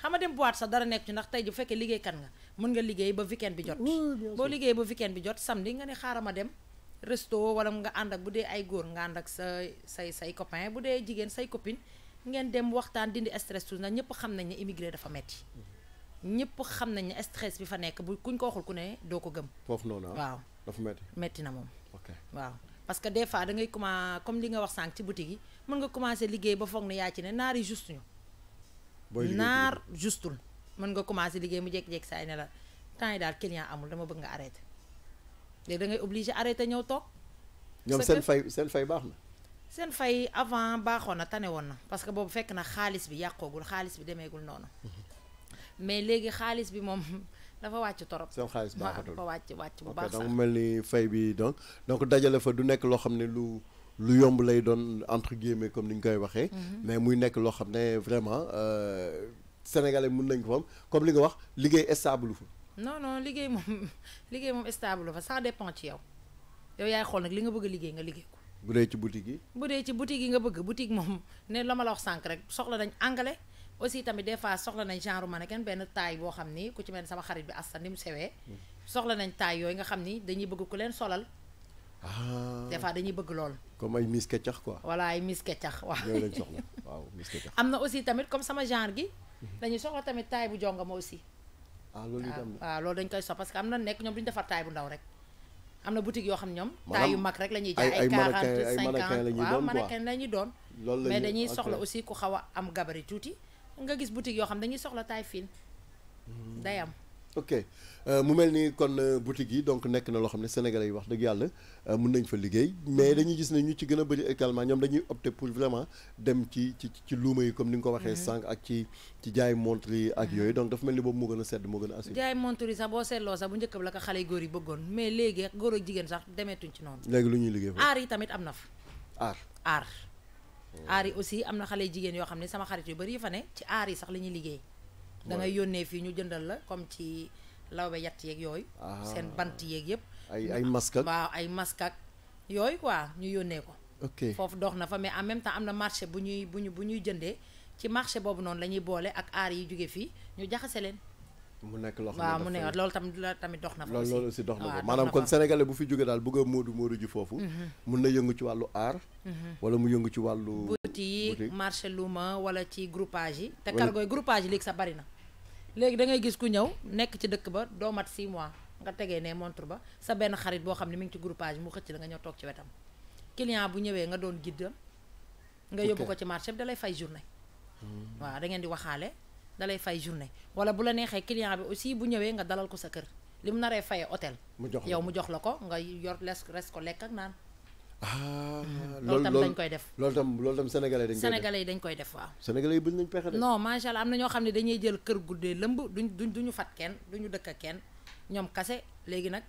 xam nga dem boîte sax dara nekk ci ndax tey ji bu fekkee liggéey kan nga mën nga liggéey ba weekend bi jot boo liggéey ba weekend bi jot samedi nga ne xaaral ma dem resto wala nga ànd ak bu dee ay góor nga ànd ak sa say say copain bu dee jigéen say copine ngeen dem waxtaan dindi stress tout na ñëpp xam nañ ni immigré dafa metti mhm. ñëpp xam nañ ne stress bi fa nekk bu kuñ ko waxul ku ne doo ko gëm foofu noonu ah. metti na moom ok parce que des fois da ngay commencé comme li nga wax sànq ci boutique yi mën nga commencé liggéey ba foog ne yaa ne naar yi juste ñu naar justul mën nga commencé liggéey mu jékki-jékki saa yi ne la temps yi daal client amul dama bëgg nga arrêté léegi da ngay obligé arrêté ñëw toog ñoom seen fay seen fay baax na seen fay avant baaxoon na tane woon na parce que boobu fekk na xaalis bi yàqoogul xaalis bi demeegul noonu mhm. mais léegi xaalis bi moom dafa wàcc torop seen xaalis baaxatul dafa wàcc wàcc bu baax sax donc mel ni fay bi donc donc dajale fa du nekk loo xam ne lu lu yomb lay doon entre guillemets comme ni nga koy waxee. Mhm. mais muy nekk loo xam ne vraiment euh, sénégalais mën nañ ko fam comme li nga wax liggéey stable fa. non non liggéey moom liggéey moom stable fa ça dépend ci yow yow yaay xool nag li nga bëgg a liggéey nga liggéey ko. bu dee ci boutique yi. bu dee ci boutique yi nga bëgg boutique moom ne la ma la wax sànq rek soxla nañ anglais. aussi tamit des fois soxla nañ genre mannequin benn taille boo xam ni ku ci mel sama xarit bi Assane nim sewé soxla nañ taille yoy nga xamni dañuy bëgg ku len solal ah des fois dañuy bëgg lool comme ay Miss Ketchax quoi voilà ay Miss Ketchax wa ñu lañ soxla waaw Miss Ketchax amna aussi tamit comme sama genre gi dañuy soxla tamit taille bu jonga mo aussi ah lool loolu tam ah lool dañ koy so parce que amna nek ñom duñ defar taille bu ndaw rek amna boutique yo xam ñom tay yu mag rek lañuy jaay ay quarante cinquante waaw mannequin la ñuy doon mais dañuy soxla aussi ku xawa am gabarit tuuti nga gis boutique yoo xam dañuy soxla taille fine hmm. day am ok euh, mu mel ni kon euh, boutique yi donc nekk na loo xam ne sénégalais yi wax dëgg yàlla euh, mën nañ fa liggéey mais dañuy gis ne ñu ci gën a bëri également ñoom dañuy opter pour vraiment dem ci ci ci luuma yi comme ni nga ko waxee mhm. sànq ak ci ci jaay montre ak mhm. yooyu donc dafa mel ni boobu moo gën a sedd moo gën a assuré jaay montre yi sax boo seetloo sax bu njëkk ba la ko xale yu góor yi bëggoon mais léegi góor ak jigéen sax liggéey fa aar yi tamit am na fa aar yi aussi am na xale jigéen yoo xam ne sama xarit yu bari fa ne ci aar yi sax la ñuy liggéey da yónnee fii ñu jëndal la comme ci lawbe yatt yeeg yooyu ah. seen bant yeeg yëpp ay ay masque waaw ay maskak yooyu quoi ñu yónnee ko ok foofu dox na fa mais en même temps am na marché bu ñuy bu bu ñuy jëndee ci marché boobu noonu la ñuy boole ak aar yi jóge fii ñu jaxase leen mu nekk loo xam ne waaw mu nekk loolu tamit loolu tamit dox na fa loolu aussi dox na ko maanaam kon sénégalais bu fi jógee daal bëgg a moodu moodu ji foofu mhm. mun na yëngu ci wàllu aar mhm. wala mu yëngu ci wàllu boutique marché luuma wala ci groupage yi te cargo yi groupage yi sa bari na léegi da ngay gis ku ñëw nekk ci dëkk ba doo mat 6 mois nga tegee ne montre ba sa benn xarit boo xam ne mi ngi ci groupage mu xëcc la nga ñëw toog ci wetam client bu ñëwee nga doon giddam nga yóbbu ko ci marché bi da lay fay journée hmm. waaw da ngeen di waxaale dalay fay journée wala bu la neexee client bi aussi bu ñëwee nga dalal ko sa kër li mu naree fayee hôtel yow mu jox la ko nga yor les res ko lekk ak naan ah mhm. tam dañ koy def lool tam lool tam sénégalais dañ koy def sénégalais yi dañ koy def waaw sénégalais yi bëgg nañ pexe de non macha allah am na ñoo xam ne dañuy jël kër guddee lëmb duñ duñ duñu fat kenn duñu dëkk a kenn ñoom kase léegi nag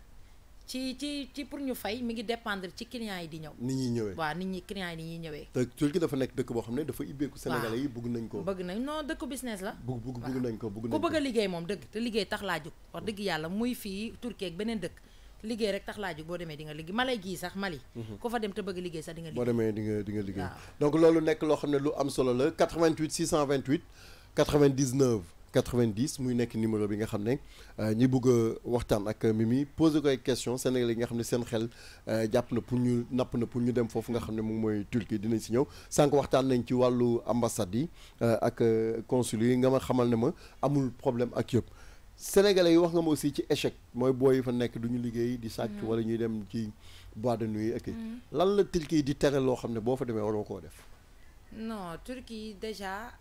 ci ci ci pour ñu fay mi ngi dépendre ci clients yi di ñëw nit ñi ñëwee waaw nit ñi clients yi ni ñuy ñëwee te Turquie dafa nekk dëkk boo xam ne dafa ibbeeku sénégalais yi bëgg nañ ko bëgg nañ non dëkku business la bëgg bëgg bëgg nañ ko bëgg nañ ko ku bëgg a liggéey moom dëgg te liggéey tax laa jóg wax dëgg yàlla muy fii Turquie ak beneen dëkk liggéey rek tax laa jóg boo demee di nga liggéey Malay gii sax Mali mhm. ku fa dem te bëgg liggéey sax di nga liggéey boo demee di nga di nga liggéey donc loolu nekk loo xam ne lu am solo la 88 628 99 90 muy nek numéro bi nga xamné euh, ñi bëgg a waxtaan ak Mimi poser ko question Sénégalais nga xamné seen xel euh, japp na pour ñu nap na pour ñu dem fofu nga xamné ne moom mooy Turquie dinañ si ñew sank waxtaan nañ ci walu ambassade yi euh, ak consul yi nga ma xamal né ma amul problème ak yëpp Sénégalais yi wax nga ma aussi ci échec mooy booy fa nek duñu liggéey di sacc mm. wala ñuy dem ci bois de nuit ak mm. lan la Turquie di tere lo xamné bo fa démé waroo koo def non Turquie déjà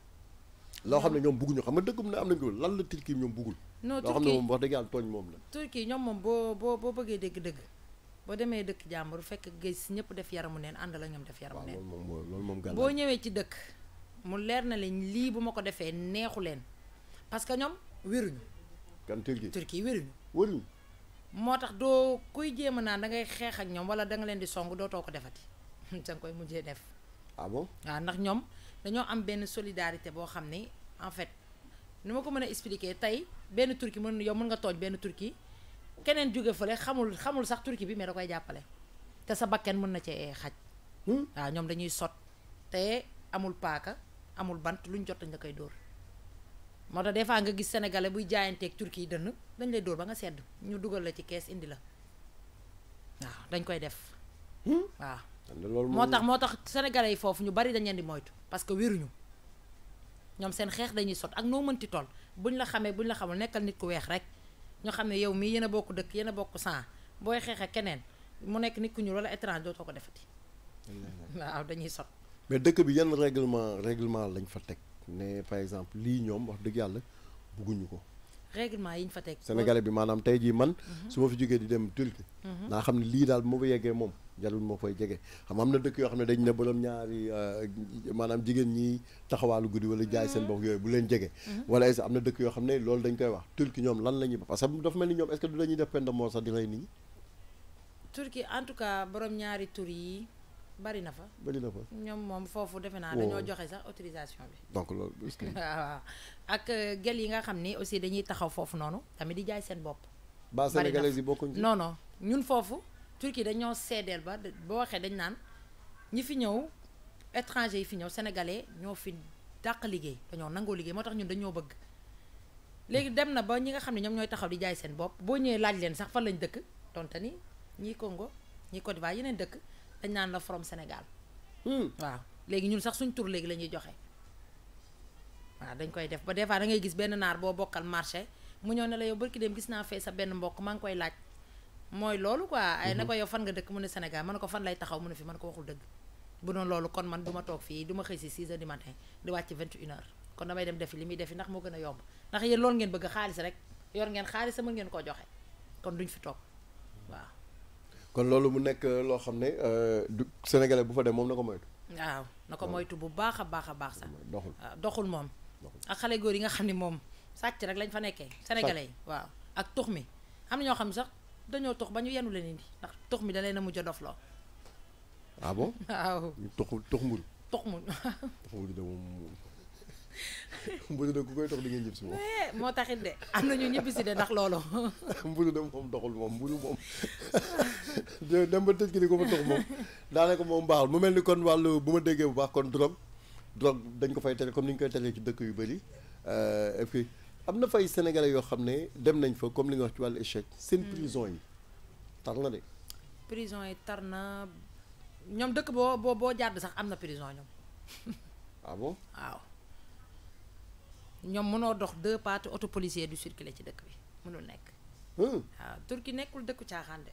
loo xam ne ñoom bugguñu xam nga dëggum na am nañu ko lan la turki ñoom buggul non loo xam ne moom wax dëgg yàlla tooñ moom la turki ñoom moom boo boo boo bëggee dégg-dëgg boo demee dëkk jàmbur fekk gis ñëpp def yaramu neen ànd la ñoom def yaramu neen loolu moom boo ñëwee ci dëkk mu leer na leen lii bu ma ko defee neexu leen parce que ñoom wéruñu kan turki turki wéruñu wéruñu moo tax doo kuy jéem a naan da ngay xeex ak ñoom wala danga leen di song dootoo ko defati danga koy mujjee def ah bon ah, ndax ñoom dañoo am benn solidarité boo xam ni en fait ni ma ko mën a expliquer tey benn turki mën yow mën nga tooj benn turki keneen jóge fële xamul xamul sax turki bi mais da koy jàppale te sa bakken mën na cee xaj waaw hmm? ah, ñoom dañuy sot te amul paaka amul bant lu ñu jot dañ la koy dóor moo tax des fois nga gis sénégalais buy jaayanteeg turki yi dënn dañ lay dóor ba nga sedd ñu dugal la ci kees indi la waaw dañ koy def hmm? waaw moo tax moo tax sénégalais yi foofu ñu bari dañ leen di moytu parce que wéruñu ñoom seen xeex dañuy sot ak noo mënti toll buñ la xamee buñ la xamul nekkal nit ku weex rek ñoo xam ne yow mii yéen a bokk dëkk yéen a bokk sang booy xeex ak keneen mu nekk nit ku ñuul wala étranger dootoo ko defati waaw dañuy sot mais dëkk bi yan règlement règlement lañ fa teg ne par exemple lii ñoom wax dëgg yàlla bugguñu ko règlement yi ñu fa teg sénégalais bi maanaam tey jii man mhm. su ma fi jógee di dem Turquie mhm. naa xam ne lii daal ma fa yeggee moom jarul moo fay jege xam am na dëkk yoo xam ne dañ ne borom ñaari euh, maanaam jigéen ñi taxawaalu guddi wala jaay seen bopp yooyu bu leen jege. Mm-hmm. wala est-ce am na dëkk yoo xam ne loolu dañ koy wax turki ñoom lan la ñuy parce que dafa mel la ñuy def peine de mort sax di turki en tout cas borom ñaari tur yi bari na fa. bari na fa ñoom moom foofu defe naa dañoo joxe sax autorisation bi. donc loolu waaw ak euh, gel yi nga xam ne aussi dañuy taxaw foofu noonu tamit di jaay seen bopp. ba sénégalais yi bokkuñ ci non ñun foofu. Turquie dañoo seedeel ba boo waxee dañ naan ñi fi ñëw étranger yi fi ñëw sénégalais ñoo fi dàq liggéey dañoo nangoo liggéey moo tax ñun dañoo bëgg léegi dem na ba ñi nga xam ne ñoom ñooy taxaw di jaay seen bopp boo ñëwee laaj leen sax fa lañ dëkk donte ni ñii Congo ñii Côte d'Ivoire yeneen dëkk dañ naan la from Sénégal hmm. waaw léegi ñun sax suñ tur léegi la ñuy joxe waaw dañ koy def ba des fois da ngay gis benn naar boo bokkal marché mu ñëw ne la yow barki dem gis naa fee sa benn mbokk maa ngi koy mooy loolu quoi ay ne mhm. ko yow fan nga dëkk mu ne Sénégal man ne ko fan lay taxaw mu ne fi man ko waxul dëgg bu doon loolu kon man du ma toog fii du ma xëy si 6 heures du matin di wàcc 21 heures kon damay dem defi li muy defi ndax moo gën a yomb ndax yéen loolu ngeen bëgg xaalis rek yor ngeen xaalis sama ngeen koo joxe kon duñ fi toog waaw kon loolu mu nekk euh, loo xam ne euh, du sénégalais bu fa dem moom na ko moytu waaw na ko moytu bu baax a baax a baax sax doxul waaw ah, doxul moom ak xale góor yi nga xam ne moom sàcc rek lañ fa nekkee sénégalais yi waaw ak tux mi am na ñoo xam ne sax dañoo tox ba ñu yenu leen ndax tox mi da na a mujj a dof loo ah bon waaw toxul tox muñ tox muñ tox muñ de moom mbudu de ku eh, moo taxit de am na ñu ñibbi si de ndax loolu mbudu de moom doxul moom mbudu moom dem ba tëj ki di ko fa tox moom ko moom baaxul mu mel ni kon wàllu bu ma déggee bu baax kon drogue drogue dañ ko fay tere comme ni ñu koy teree ci dëkk yu bari euh, et puis am na fay sénégalais yoo xam ne dem nañ fa comme li nga wax ci wàllu échec seen hmm. prison yi tar na de. prison yi tar na ñoom dëkk boo boo boo jàdd sax am na prison ñoom. ah bon waaw. ñoom mënoo dox deux parties auto policier du circuler ci dëkk bi mënul nekk. Hmm. waaw Turquie nekkul dëkku caaxaan de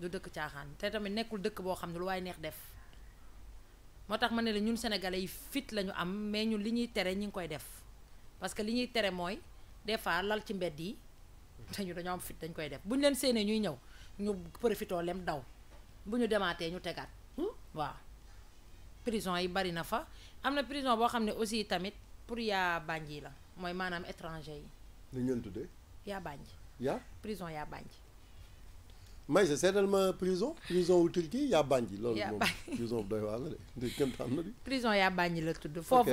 du dëkk caaxaan te tamit nekkul dëkk boo xam ne lu waaye neex def moo tax ma ne la ñun sénégalais yi fit lañu am mais ñun li ñuy tere ñu ngi koy def. parce que li ñuy tere mooy des fois lal ci mbedd yi dañu dañoo am fit dañ koy def bu ñu leen séenee ñuy ñëw ñu profitoo lem daw bu ñu demaatee ñu tegaat hmm? waaw prison yi bari na fa am na prison boo xam ne aussi tamit pour yaa bànj yi la mooy maanaam étranger yi. li ñu leen tuddee. yaa bànj. yaa prison yaa bànj. Mais c'est seetal prison prison ou Turquie y a loolu moom prison bu doy waar la de dëggantaan na di prison yaa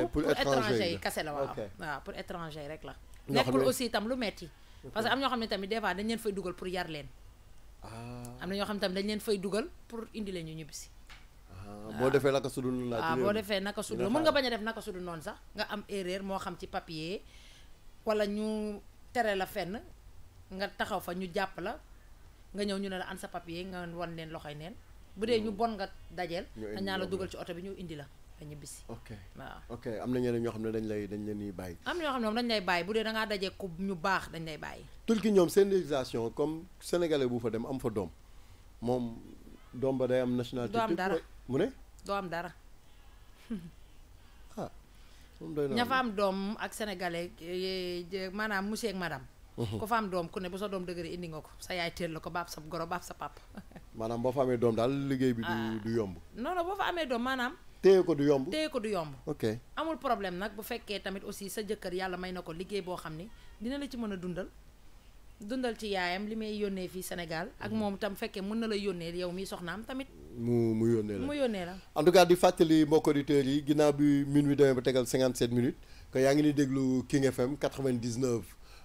pour étranger casser kase la pour étranger rek la nekkul aussi tam lu metti parce que am ñoo xam ne des fois dañ leen fay dugal pour yar leen ah. am na ñoo xam tam dañ leen fay dugal pour indi leen ñu ah bo defee naka sudul la ah bo boo naka sudul mën nga baña def naka sudul non sax nga am erreur mo xam ci papier wala ñu téré la fenn nga taxaw fa ñu japp la nga ñëw ñu ne la an sa papier nga won leen loxoy neen bu dee ñu bon nga dajeel ñaa la dugal ci oto bi ñu indi la nga ñibbisi ok waaw ok am na ñeneen ñoo xam ne dañ lay dañ leen di bàyyi am na ñoo xam ne dañ lay bàyyi bu dee da ngaa dajee ku ñu baax dañ lay bàyyi Turquie ñoom seen législation comme sénégalais bu fa dem am fa doom moom doom ba day am nationalité doo am dara mu ne doo am dara ah am doom ak sénégalais eh, eh, maanaam monsieur ak madame Mhm. ku fa am doom ku ne bu sa doom dëgëri indi nga ko sa yaay teel la ko baab sa goro baab sa pap maanaam boo fa amee doom daal liggéey bi du ah. du yomb non non boo fa amee doom maanaam téye ko du yomb téye ko du yomb ok amul problème nag bu fekkee tamit aussi sa jëkkër yàlla may na ko liggéey boo xam ni dina la ci mën a dundal dundal ci yaayam li may yónnee fii Sénégal ak mhm. moom tam fekkee mën na la yónnee yow mi soxnaam tamit mu mu yónnee la mu yónnee la en tout cas di fàttali mbokk auditeurs yi ginnaaw bi minuit demee ba tegal 57 minutes que yaa ngi ni déglu King FM 99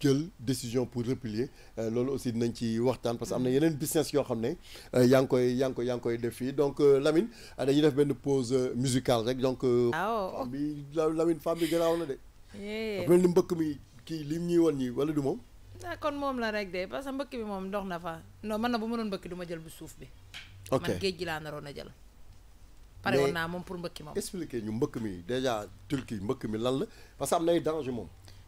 jël décision pour replier euh, loolu aussi dinañ ci waxtaan parce que am na yeneen business yoo xam ne euh, yaa ngi koy yaa ngi koy yaa ngi koy def fii donc euh, Lamine dañuy def benn pause musicale rek donc. Ah, oh. bi Lamine femme bi gënaaw na de. mel ni mbëkk mi kii lim ñuy wan ñi wala du moom. ah kon moom la rek de parce que mbëkk bi moom dox na fa non man na bu ma doon mbëkk du ma jël bu suuf bi. ok man géej gi laa naroon a jël. pare woon naa moom pour mbëkk moom. expliquer ñu mbëkk mi déjà Turquie mbëkk mi lan la parce que am na ay danger moom.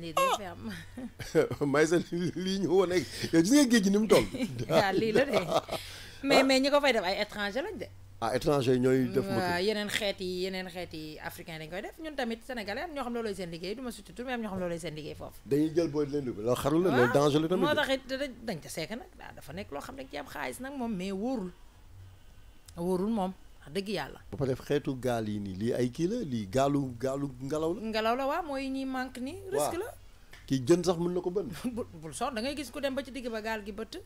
lii day fi am. may sa lii ñu wane yow gis nga géej gi ni mu toll. waaw lii la de mais mais ñi ko fay def ay étranger lañ de. ah étranger ñooy def moto yeneen xeet yi yeneen xeet yi africain dañ koy def ñun tamit sénégalais ñoo xam loolooy seen liggéey du ma surtout mais am ñoo xam loolooy seen liggéey foofu dañuy jël booy leen dugg loolu xarul la loolu danger tamit moo tax it dañ ca seek nag daal dafa nekk loo xam ne ci am xaalis nag moom mais wóorul wóorul moom deug yalla bu def xéetu gal yi ni li ay ki la li galu galu ngalaw la ngalaw la wa moy ni manque ni risque la ki jeun sax mën nako bënd bu so da ngay gis ku dem ba ci digg ba gal gi beut am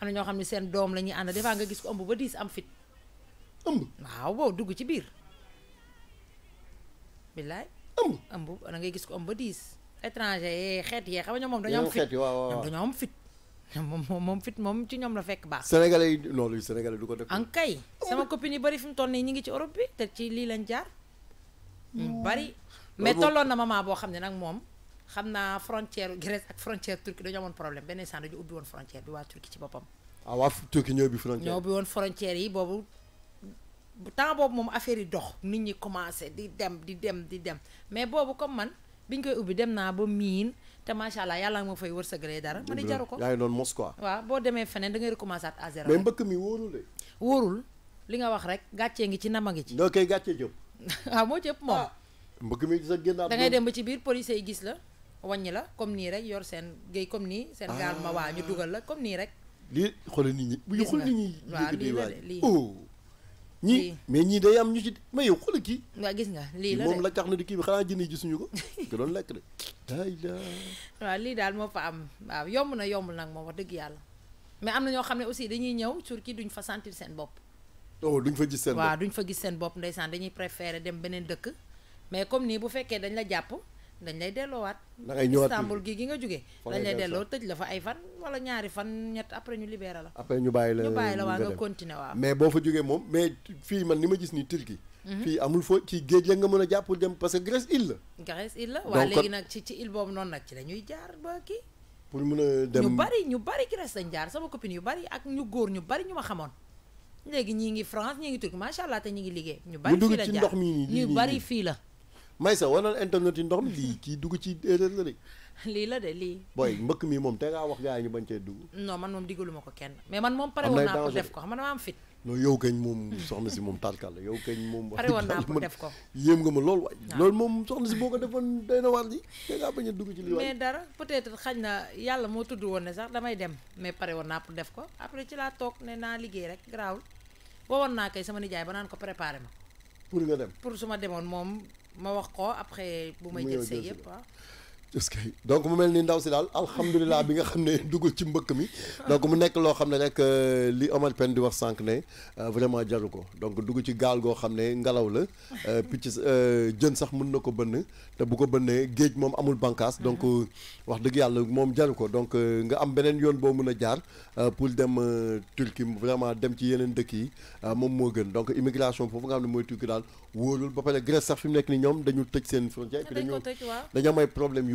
anu ñoo xamni seen doom lañuy and defa nga gis ko ëmb ba 10 am fit ëmb waaw bo dugg ci bir billahi ëmb ëmb da ngay gis ko ëmb ba 10 étranger ye xam nga mom dañu am fit ya, dañu am fit Mom fit mom ci ñoom la fekk baax sénégalais yi sénégalais du ko def sama copine yi bari fi mu toll nii ñi ngi ci Europe bi te ci lii lañ jaar bari mais tolloon na mama bo xam ne nag moom frontière Grèce ak frontière turki do amoon problème benn instant dañu ubbi won frontière bi waa Turquie ci turki ah frontier. Turquie ñoo bi frontière ñoo bi woon frontière yi boobu temps boobu moom affaire yi dox nit ñi commencé di dem di dem di dem mais boobu comme man biñ koy ubbi dem naa ba te macha allah yàlla nga ma fay wërsëgalee dara. ma di jaru ko yaa ngi doon mos quoi. waaw boo demee feneen da ngay recommencer à mais mbëkk mi wóorul wóorul li nga wax rek gàccee ngi ci nama ngi ci. noo koy gàccee jëm. waaw ah, moo ci ëpp moom. Ah, mbëkk mi a génnaat da ngay dem ba ci biir police yi gis la wàññi la comme nii rek yor seen géey comme nii. seen ah. gaal ma waa ñu dugal la comme nii rek. lii xoolal nit ñi bu lii la de lii oh. ñii mais ñii day am ñu ci mais yow xoolal kii. waaw gis nga lii la moom la tax na di kii bi xanaa jënd gisuñu ko. da doon lekk de. waaw lii daal moo fa am waaw yomb na yombul nag moo wax dëgg yàlla mais am na ñoo xam ne aussi dañuy ñëw Turquie duñ fa sentir seen bopp. oh duñ fa gis seen bopp waaw duñ fa gis seen bopp ndeysaan dañuy préférer dem beneen dëkk mais comme nii bu fekkee dañ la jàpp. dañ lay delloowaat Istanbul gi gi nga jógee dañ lay delloo tëj la fa ay fan wala ñaari fan ñet après ñu libéré la après ñu bàyyi la ñu bàyyi la waa nga continuer waaw mais boo fa jógee moom mais fii man ni ma gis ni Turquie mhm. fii amul foo ci géej la nga mën a jàpp dem parce que Grèce île la Grèce île la waa léegi nag ci ci boobu noonu nag ci la jaar ba kii pour mën a dem ñu bari ñu bari jaar sama copine yu bari ak ñu góor ñu bari ñu ma xamoon léegi ñii ngi ñii ngi Turquie macha allah te ñi ñu bari fii la jaar fii la may sa wanal internet yi ndox ki lii kii dugg ci erreur eh, eh, eh, la de lii la de li boy mbeuk mi mom te nga wax gaay ñu bañ cee dugg non man mom digaluma mako kenn mais man mom paré woon ko def ko xam na dama am fit non yow kañ mom soxna si mom tarkal la yow kañ mom paré woon ko def ko yem nga ma lol way lol mom soxna si boko defon day na war di te nga bañ dugg ci lii mais dara peut être xagn na yàlla moo tudd sax damay dem mais paré woon pour def ko après ci la tok né na liggéey rek grawul wowoon wonna kay sama nijaay ba nan ko préparer ma pour nga dem pour suma demone mom ma wax ko après bu may jël say yëpp donc mu mel ni ndaw si dal bi nga xamné suis ci mbëkk mi donc mu nekk lo euh, li Omar pen di wax euh, vraiment donc ci la euh, sax bënn ko mom amul bankas donc mm-hmm. wax dëgg yalla mom donc nga am benen yoon bo pour dem turki vraiment dem ci dëkk yi donc immigration fofu nga xamné moy turki dal que ba paré Grèce sax fim nek ni dañu frontière problème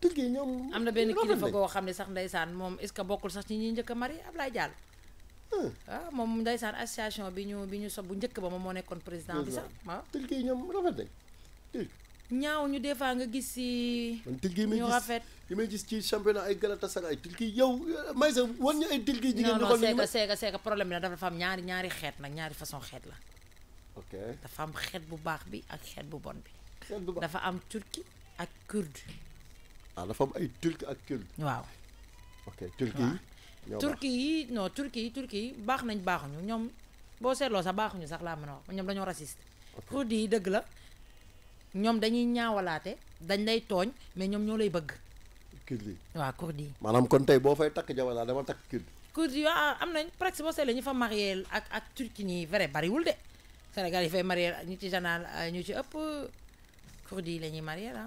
tëggee ñoom. am na benn kilifa goo xam ne sax ndeysaan moom est-ce que bokkul sax ci ñi njëkk a mari Ablaye Diallo. waaw ah, moom ndeysaan association bi ñu bi ñu sob bu njëkk ba moom moo nekkoon président bi sax waaw. Ah. tëggee ñoom rafet nañ. ñaaw ñu des fois nga gis si. man tilki may gis ñu rafet. li may gis ci championnat ay Galatasaray tilki yow euh, may sa wan ñu ay tilki. jigéen ñu xool non non c'est que problème bi dafa am ñaari ñaari xeet nag ñaari façon xeet la. ok dafa am xeet bu baax bi ak xeet bu bon bi. dafa am turki ak kurde. ah dafa am ay turc ak kurde. waaw. ok turc yi. ñoo yi non turc yi turc yi baax nañ baaxuñu ñoom boo seetloo sa baaxuñu sax laa mën a wax ñoom dañoo raciste. kurde yi dëgg la ñoom dañuy ñaawalaate dañ lay tooñ mais ñoom ñoo lay bëgg. kurde yi waaw kurde yi. maanaam kon tey boo fay takk jabar laa dama takk kurde. kurde yi waaw am nañ presque boo seetloo ñu fa marié ak ak turc ñi vrai bariwul de Sénégal yi fay marié ñu ci ñu ci ëpp kurde yi la ñuy marié ah.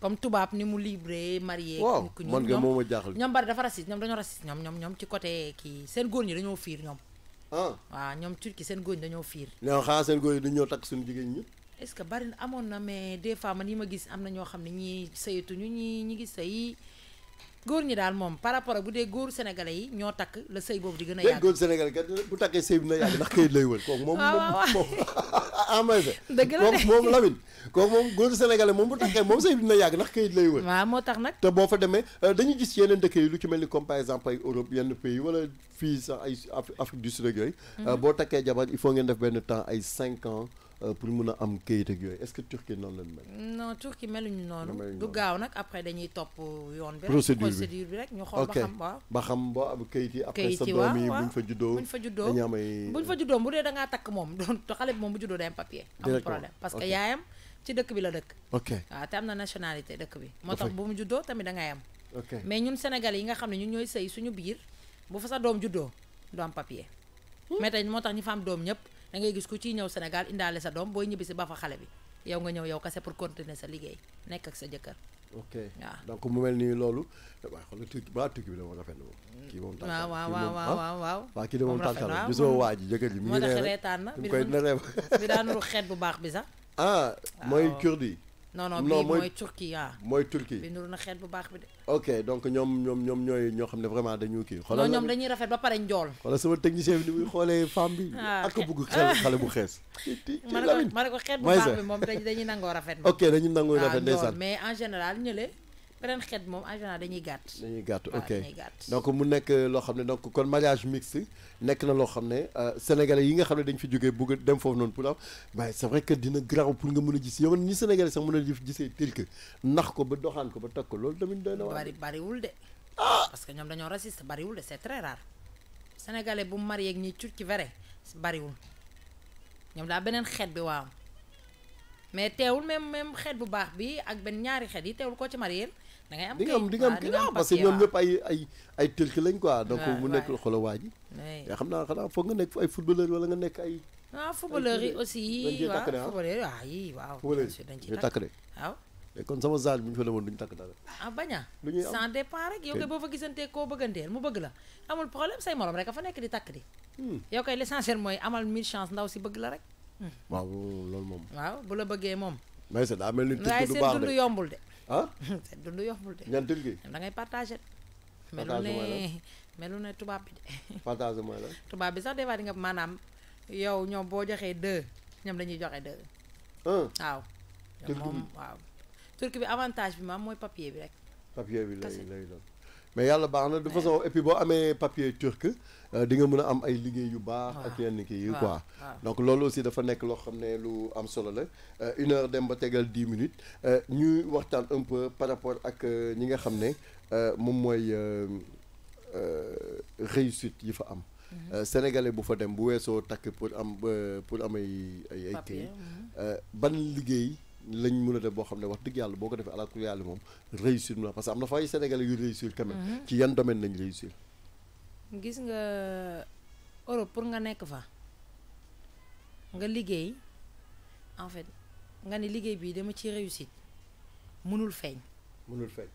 comme tubaab ni mu libre marié. waaw man nga moom a jaaxal ñoom bari dafa rasis ñoom dañoo rasis ñoom ñoom ñoom ci côté kii seen góor ñi dañoo fiir ñoom. ah waaw ñoom turki seen góor ñi dañoo fiir. ñoom xaa seen goor ñi dañoo takk suñu jigéen ñi. est ce que bari amon amoon na mais des fois man yi ma gis am na ñoo xam ne ñi saytu ñu ñi ñi gis sey góor ñi daal moom par rapport ak bu dee góor sénégalais yi ñoo takk le sëy boobu di gën a yàgg góor sénégalais kat bu takkee sëy bi na yàgg ndax kayit lay wër kooku moom ah, moom amay ah, fe dëgg la moom moom Lamine kooku moom góor sénégalais moom bu takkee moom sëy bi na yàgg ndax kayit lay wër waaw moo tax nag te boo fa demee euh, dañuy gis yeneen dëkk yi lu ci mel ni comme par exemple ay Europe yenn pays wala fii sax ay Afrique du Sud ak yooyu mm-hmm. euh, boo takkee jabar il faut ngeen def benn temps ay cinq ans Euh, pour mëna am kayit ak yoy est-ce que turki non lañ mel. non Turquie meluñu non du gaaw nak après dañuy top yoon bi. procédure bi rek ñu xol ba xam ba xam ba am kayit yi après sa doom yi buñ fa juddoo buñ fa juddoo am ay buñ fa juddoo bu dé da nga tak mom don to xalé mom bu juddoo day am papier. am problème parce que yaayam ci dëkk bi la dëkk. ok waaw té am na nationalité dëkk bi. motax bu mu juddoo tamit da nga am. ok mais ñun Sénégal yi nga xam ñun ñoy sey suñu biir bu fa sa doom juddoo do am papier. Hmm? mais tay motax ñi fa am doom da ngay gis ku ciy ñëw senegal indaale sa doom booy ñibbi si ba fa xale bi yow nga ñëw yow kase pour continuer sa liggéey nekk ak sa jëkkër. ok waaw donc mu mel ni loolu. waaw xoolal tukki ba tukki bi dama rafet na moom. kii moom tànk waaw waaw ah? waaw waaw kii de moom tànk la gisoo waa ji jëkkër ji. mu ngi reer moo tax na daanul xeet bu baax bi sax. ah mooy kurdi non non bii Turquie ah Turquie bu bi ok donc ñom ñom ñom ñoy ñoo vraiment dañu ki ñom dañuy rafet ba paré ndjol sama technicien bi muy xolé femme bi. Ah, ak xel xalé bu xess ko bu baax bi mom dañuy nango rafet. ok dañuy nango rafet ah, mais en général beneen xeet moom en général dañuy gàtt. dañuy gàtt ok donc mu nekk loo xam ne donc kon mariage mixte nekk na loo xam ne sénégalais yi nga xam ne dañ fi jógee bëgg dem foofu noonu pour am waaye c'est vrai que dina garaaw pour nga mën a gis yow ñi sénégalais sax mën a gisee turc nax ko ba doxaan ko ba takk ko loolu tamit doy na waar. bari bariwul de. parce que ñoom dañoo raciste bariwul de c'est très rare sénégalais bu marié ak ñi turc vrai bariwul ñoom daa beneen xeet bi waaw mais teewul même même xeet bu baax bi ak benn ñaari xeet yi teewul koo ci marié da ngay am di nga am di nga am kii ah, waaw ah, parce que ñoom ñëpp ay xam naa xanaa foog nga nekk ay footballeur wala nga nekk ay. ah footballeur yi aussi. dañ waaw footballeur yi dañ ciy takk de waaw. kon sama zaal bi ñu fa demoon duñu takk dara. ah bañ a. lu ñuy am sans départ rek yow kay boo fa gisantee koo bëgganteel mu bëgg la amul problème say morom rek a fa nekk di takk di. Hmm. yow kay l'essentiel mooy amal mille chance ndaw si bëgg la rek. Hmm. waaw loolu moom. waaw bu la bëggee moom. mais yombul de. ah. seen dund yombul de. ñan tënk da ngay partagé. mais lu ne mais lu ne tubaab bi de. partagé mooy la. tubaab bi sax des fois di nga maanaam yow ñoom boo joxee deux ñoom dañuy joxe deux. un waaw. moom turki bi avantage bi maam mooy papier bi rek. papier bi lay lay doon. mais yàlla baax na de façon et puis boo amee papier turc. Euh, di nga mën a am ay liggéey yu baax. ak ah. yenn kii yi ah. quoi. Ah. donc loolu aussi dafa nekk loo xam ne lu am solo la euh, une dem ba tegal dix minutes euh, ñuy waxtaan un peu par rapport ak ñi nga xam ne moom mooy réussite yi fa am. Mhm. sénégalais bu fa dem bu weesoo takk pour am pour am ay ay kii mhm. ban liggéey. lañ mën a def boo xam ne wax dëgg yàlla boo ko defee alaakulli yàlla moom réussir na parce que am na fa ay sénégalais yu réussir quand mhm. ci yan domaine nañ réussir. gis nga Europe pour nga nek fa nga liggéey en fait nga ni liggéey bi dama ci réussite mënul feeñ mënul feeñ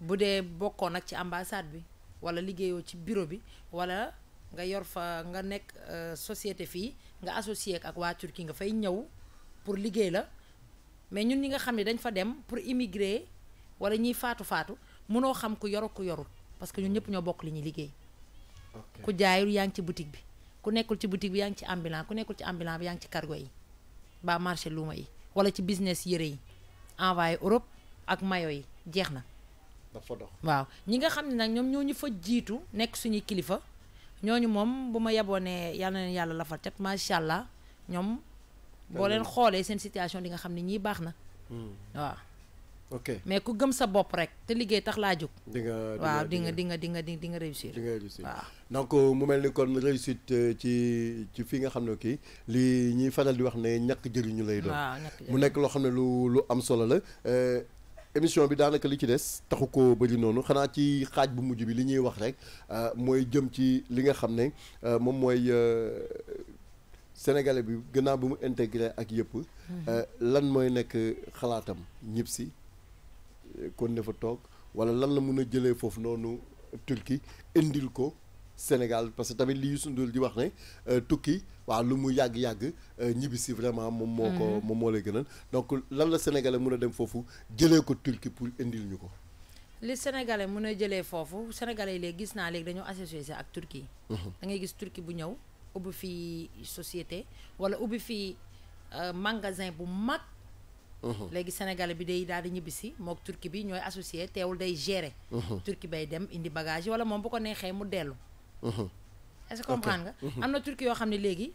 bu dee bokkoo nag ci ambassade bi wala liggéeyoo ci bureau bi wala nga yor fa nga nekk euh, société fii nga associé ak waa turki nga fay ñëw pour liggéey la mais ñun ñi nga xam dañ fa dem pour immigrer wala ñi faatu faatu mënoo xam ku yor ku yorul parce que ñun ñëpp ñoo bokk li ñuy liggéey ku jaayul yaa ngi ci boutique bi ku nekkul ci boutique bi yaa ngi ci ambulant ku nekkul ci ambulant bi yaa ngi ci cargo yi ba marché luuma yi wala ci business yére yi envoyé Europe ak mayo yi jeex na dafa waaw ñi nga xam ne nag ñoom ñoo ñu fa jiitu nekk suñuy kilifa ñooñu moom bu ma yeboon ne yàlla na leen yàlla lafal cat macha allah ñoom boo leen xoolee seen situation di nga xam ne ñii baax na hmm. waaw ok mais ku gëm sa bopp rek te liggéey tax laa jóg. di nga waaw di nga di nga di di nga réussir. di nga réussir waaw euh, mu mel ni kon réussit euh, ci ci fi nga xam ne kii li ñuy faral di wax ne ñàkk jëriñu lay doon. mu nekk loo xam ne lu lu am solo la. Euh, émission bi daanaka li ci des taxu koo bëri noonu xanaa ci xaaj bu mujj bi li ñuy wax rek mooy jëm ci li nga xam ne moom mooy sénégale bi gannaaw bi mu intégré ak yëpp. Mhm. lan mooy nekk xalaatam ñib kon ne fa toog wala lan la mun a jëlee foofu noonu Turquie indil ko Sénégal parce que tamit li Youssou Ndour di wax ne euh, tukki waaw lu mu yàgg-yàgg euh, ñibbisi vraiment moom moo ko mm-hmm. moom moo lay gënal donc lan la Sénégalais mun a dem foofu jëlee ko Turquie pour indil ñu ko li Sénégalais mun a jëlee foofu Sénégalais yi léegi gis naa léegi dañoo associé ak turki mm-hmm. da ngay gis turki bu ñëw ubbi fii société wala ubbi fii euh, magasin bu mag léegi sénégalais bi day daal di ñibbisi mook turki bi ñooy associé teewul day gérer. turki bay dem indi bagage yi wala moom bu ko neexee mu dellu. est-ce que nga. am na turki yoo xam ne léegi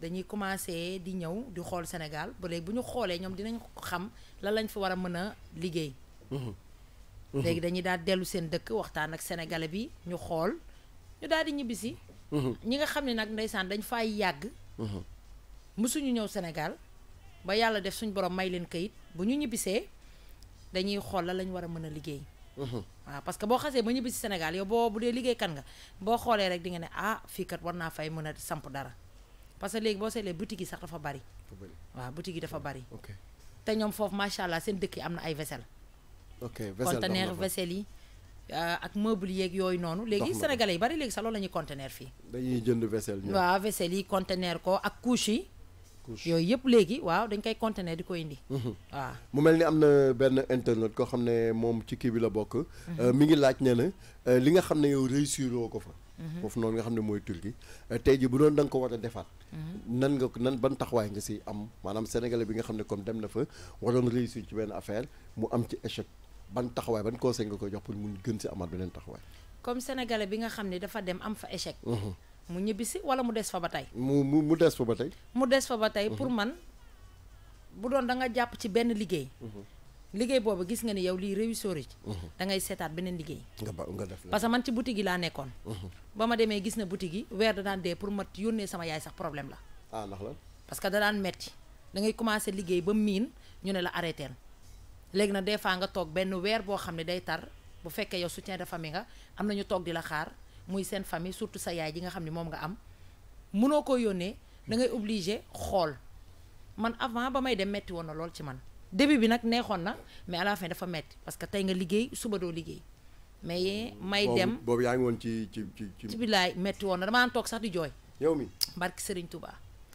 dañuy commencé di ñëw di xool Sénégal bu léegi bu ñu xoolee ñoom dinañ xam lan lañ fa war a mën a liggéey. léegi dañuy daal dellu seen dëkk waxtaan ak sénégalais bi ñu xool ñu daal di ñibbisi. ñi nga xam ne nag ndeysaan dañ fay yàgg. mësuñu ñëw Sénégal. ba yàlla def suñ borom may leen kayit bu ñu ñibbisee dañuy xool la lañu war a mën a liggéey. Mhm. waaw parce que boo xasee ba ñibbi si Sénégal yow boo bu dee liggéey liggéeykat nga boo xoolee rek di nga ne ah fii kat war naa fay mën a samp dara parce que léegi boo seetlee boutique yi sax dafa bari. waa boutique yi dafa bari. te ñoom foofu macha allah seen dëkk yi am na ay vaisselle. ok conteneur vaisselle yi. Euh, ak meuble yeeg yooyu noonu. léegi sénégalais yi bari léegi sax loolu la ñuy conteneur fii. dañuy ko ak couche couche yooyu yëpp léegi waaw dañ koy conteneur di ko indi. Mhm. waaw mu mel ni am na benn internet koo xam ne moom ci kii bi la bokk. Mhm. Euh, mi ngi laaj ne na euh, li nga xam ne yow réussir woo ko fa. Mhm. foofu noonu nga xam ne mooy Turquie euh, tey jii bu doon da nga ko war a defaat. nan nga nan ban taxawaay nga si am maanaam sénégalais bi nga xam ne comme dem na fa waroon réussir ci benn affaire mu am ci échec ban taxawaay ban conseil nga koy jox pour mun gën si amaat beneen taxawaay. bi nga xam ne dafa dem am mu ñibbisi wala mu dess fa batay mu mu mu fa batay mu dess fa batay mhm. pour man bu doon da nga japp ci ben liggéey. Mhm. liggéey bobu gis nga ni yow lii réussir ci. Mhm. da ngay seetaat benen liggéey. nga ba nga def parce que man ci boutique yi gis na boutique yi da dé pour mat sama yaay sax problème la. ah nak la. parce que da daan metti da ngay commencer liggéey ba min ñu né la arrêter légui na dé fa nga tok ben weer bo xam day tar bu fekkee yow soutien de famille nga amna ñu tok di la xaar. muy seen famille surtout sa yaay ji nga xam ne moom nga am munoo ko yónnee da ngay obligé xool man avant ba may dem metti woon na lool ci man début bi nag neexoon na mais à la dafa metti parce que tey nga liggéey suba doo liggéey mais may dem boobu yaa ngi woon ci ci ci ci bilaay metti woon na dama daan toog sax di jooy yow mi barki Serigne Touba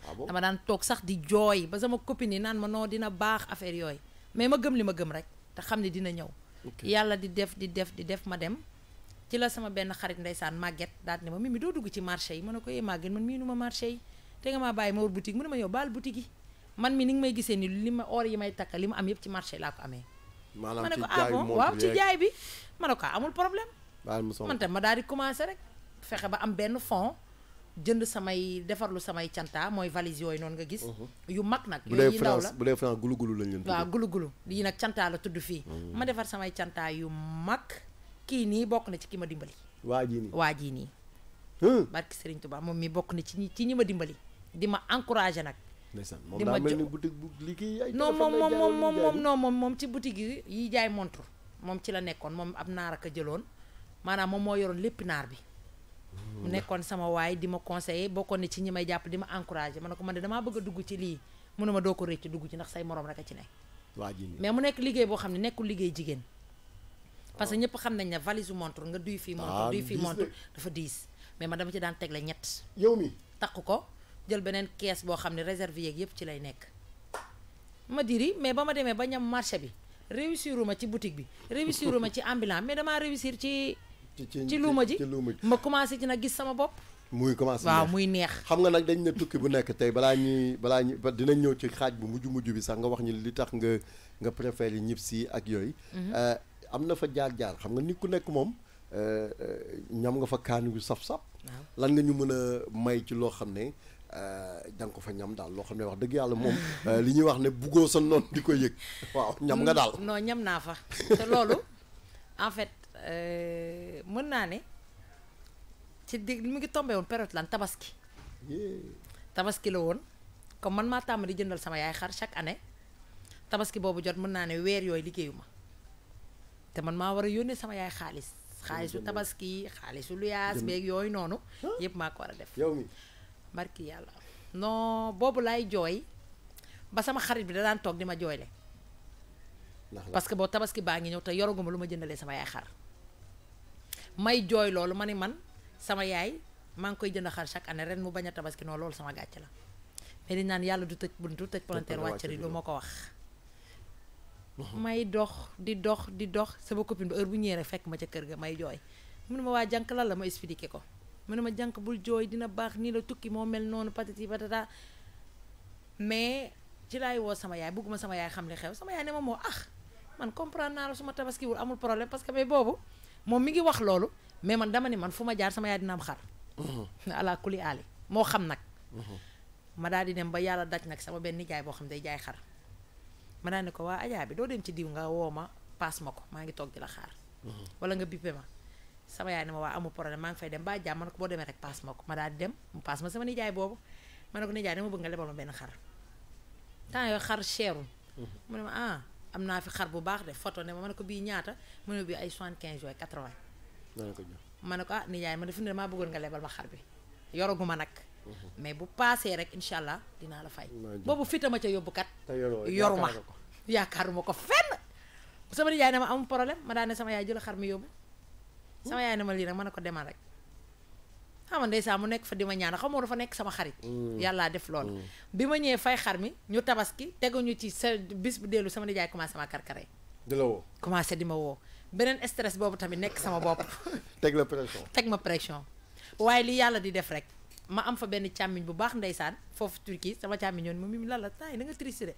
ah dama toog sax di jooy ba sama copine yi naan ma noo dina baax affaire yooyu mais ma gëm li ma gëm rek te xam ne dina ñëw yàlla di def di def di def ma dem ci la sama benn xarit ndeysaan màgget daal ne ma mimi doo dugg ci marché yi ma ne ko yee eh, màgget man mii nu ma marché yi te nga maa bàyyi ma war mu ne ma yow baal boutique yi man mi ni nga may gisee ni li ma or yi may takka li ma am yëpp ci marché laa ko amee ah, ma ne ko ah bi ma ne ko amul problème man tam ma daal di commencé rek fexe ba am benn fond jënd samay lu samay canta mooy valise yooyu noonu nga gis uh-huh. yu mag nag yooyu ndaw la bu dee France gulu gulu lañ leen la tudd fii uh-huh. ma defar samay canta yu mag kii nii bokk na ci ki ma dimbali. waa jii nii waa jii nii. barki Serigne Touba moom mi bokk na ci ñi ci ñi ma dimbali di ma encouragé nag. ndeysaan moom daa mel bu liggéey ay non moom moom moom moom non moom moom ci boutique yi yi jaay montre moom ci la nekkoon moom ab naar ak a jëloon maanaam moom moo yoroon lépp naar bi. mu nekkoon sama waay di ma conseiller bokkoon ne ci ñi may jàpp di ma encouragé ma ne ko man de damaa bëgg a dugg ci lii mu ne ma doo ko rëcc dugg ci ndax say morom rek a ci nekk. waa mais mu nekk liggéey boo xam ne nekkul liggéey jigéen parce que ñëpp xam nañ ne valise montre nga duy fii montre ah, duy dafa diis mais ma dama ci daan teg la ñett yow mi takk ko jël beneen kees boo xam ne réserve yëpp ci lay nekk ma diri mais ba ma demee ba ñam marché bi réussir ma ci boutique bi réussir ma ci ambulant mais damaa réussir ci ci luuma ji ma commencé ci nag gis sama bopp muy commencé waaw muy neex xam nga nag dañ ne tukki bu nekk tey balaa ñuy balaa ñu dinañ ñëw ci xaaj bu mujj mujj bi sax nga wax ñi li tax nga nga préféré yi ñib si ak yooyu mhm. euh, am na fa jaar-jaar xam nga nit ku nekk moom euh, euh, ñam nga fa kaani yu saf-saf lan nga ñu mën a may ci loo xam ne euh, da nga ko fa ñam daal loo xam ne wax dëgg yàlla moom li ñuy wax ne buggoo sa noon di ko yëg waaw ñam nga daal non ñam naa fa te loolu en fait mën naa ne ci di mu ngi tombé woon période lan tabaski tabaski la woon comme man maa tàmm di jëndal sama yaay xar chaque année tabaski boobu jot mën naa ne weer yooyu liggéeyu ma te man maa war a yónnee sama yaay xaalis xaalisu tabaski xaalisu luyaas beeg yooyu noonu yëpp maa ko war a def yow mi yàlla noo boobu laay jooy ba sama xarit bi da daan toog di ma jooyle parce que boo tabaski baa ngi ñëw te yoraguma lu ma jëndalee sama yaay xar may jooy loolu ma ne man sama yaay maa ngi koy jënd xar chaque année ren mu bañ a tabaski noonu loolu sama gàcc la mais di yàlla du tëj buntu tëj palanteer wàccari lu ma ko wax may dox di dox di dox sama copine ba heure bu ñëwee fekk ma ca kër ga may jooy mun ma waa jànk lan la ma expliqué ko mun ma jànk bul jooy dina baax nii la tukki moo mel noonu patati patata mais ci laay woo sama yaay bugguma sama yaay xam li xew sama yaay ne ma moo ah man comprendre naa la su ma tabaskiwul amul problème parce que mais boobu moom mi ngi wax loolu mais man dama ne man fu ma jaar sama yaay dina am xar mm-hmm. ala kuli aali moo xam nag mm-hmm. ma daal di dem ba yàlla daj nag sama benn nijaay boo xam day jaay xar mana daan ne ko bi doo dem ci diw nga woo pas moko ma ngi tok di la wala nga bippe ma sama yaay ne ma waa amul problème ma ngi fay dem ba jàmm ma ko boo demee rek paas ma ma daal dem mhm. mu paas ma sama nijaay boobu ma ne ko nijaay dama bëgg nga lebal ma ben xar xar mu ne ma ah am naa fi xar bu baax de photo ne ma ma ne ko bii ñaata mu ne bii ay soixante quinze yooyu quatre ma ne ko ah nijaay ma def ne maa bëggoon nga lebal ma xar bi yoraguma nak mhm. mais bu passé rek inshallah dina la fay fitra fitama ca kat yoruma ma ko fenn sama nijaay ne ma am problème ma daane sama yaay jël xar mi yóbbu sama yaay ne ma lii nag man a ko demal rek xam nga ndeysaan mu nekk fa di ma ñaan xam nga dafa nekk sama xarit mm. yàllaa def lool mm. bi ma ñëwee xar mi ñu tabaski teguñu ci sa bis bu dellu sama nijaay commencé maa karkare di la woo di ma woo beneen stress boobu tamit nekk sama bopp teg la teg ma pression waaye li yàlla di def rek ma am fa benn càmmiñ bu baax ndeysaan foofu Turquie sama càmmiñ yoon moom mi la la taay na nga triste de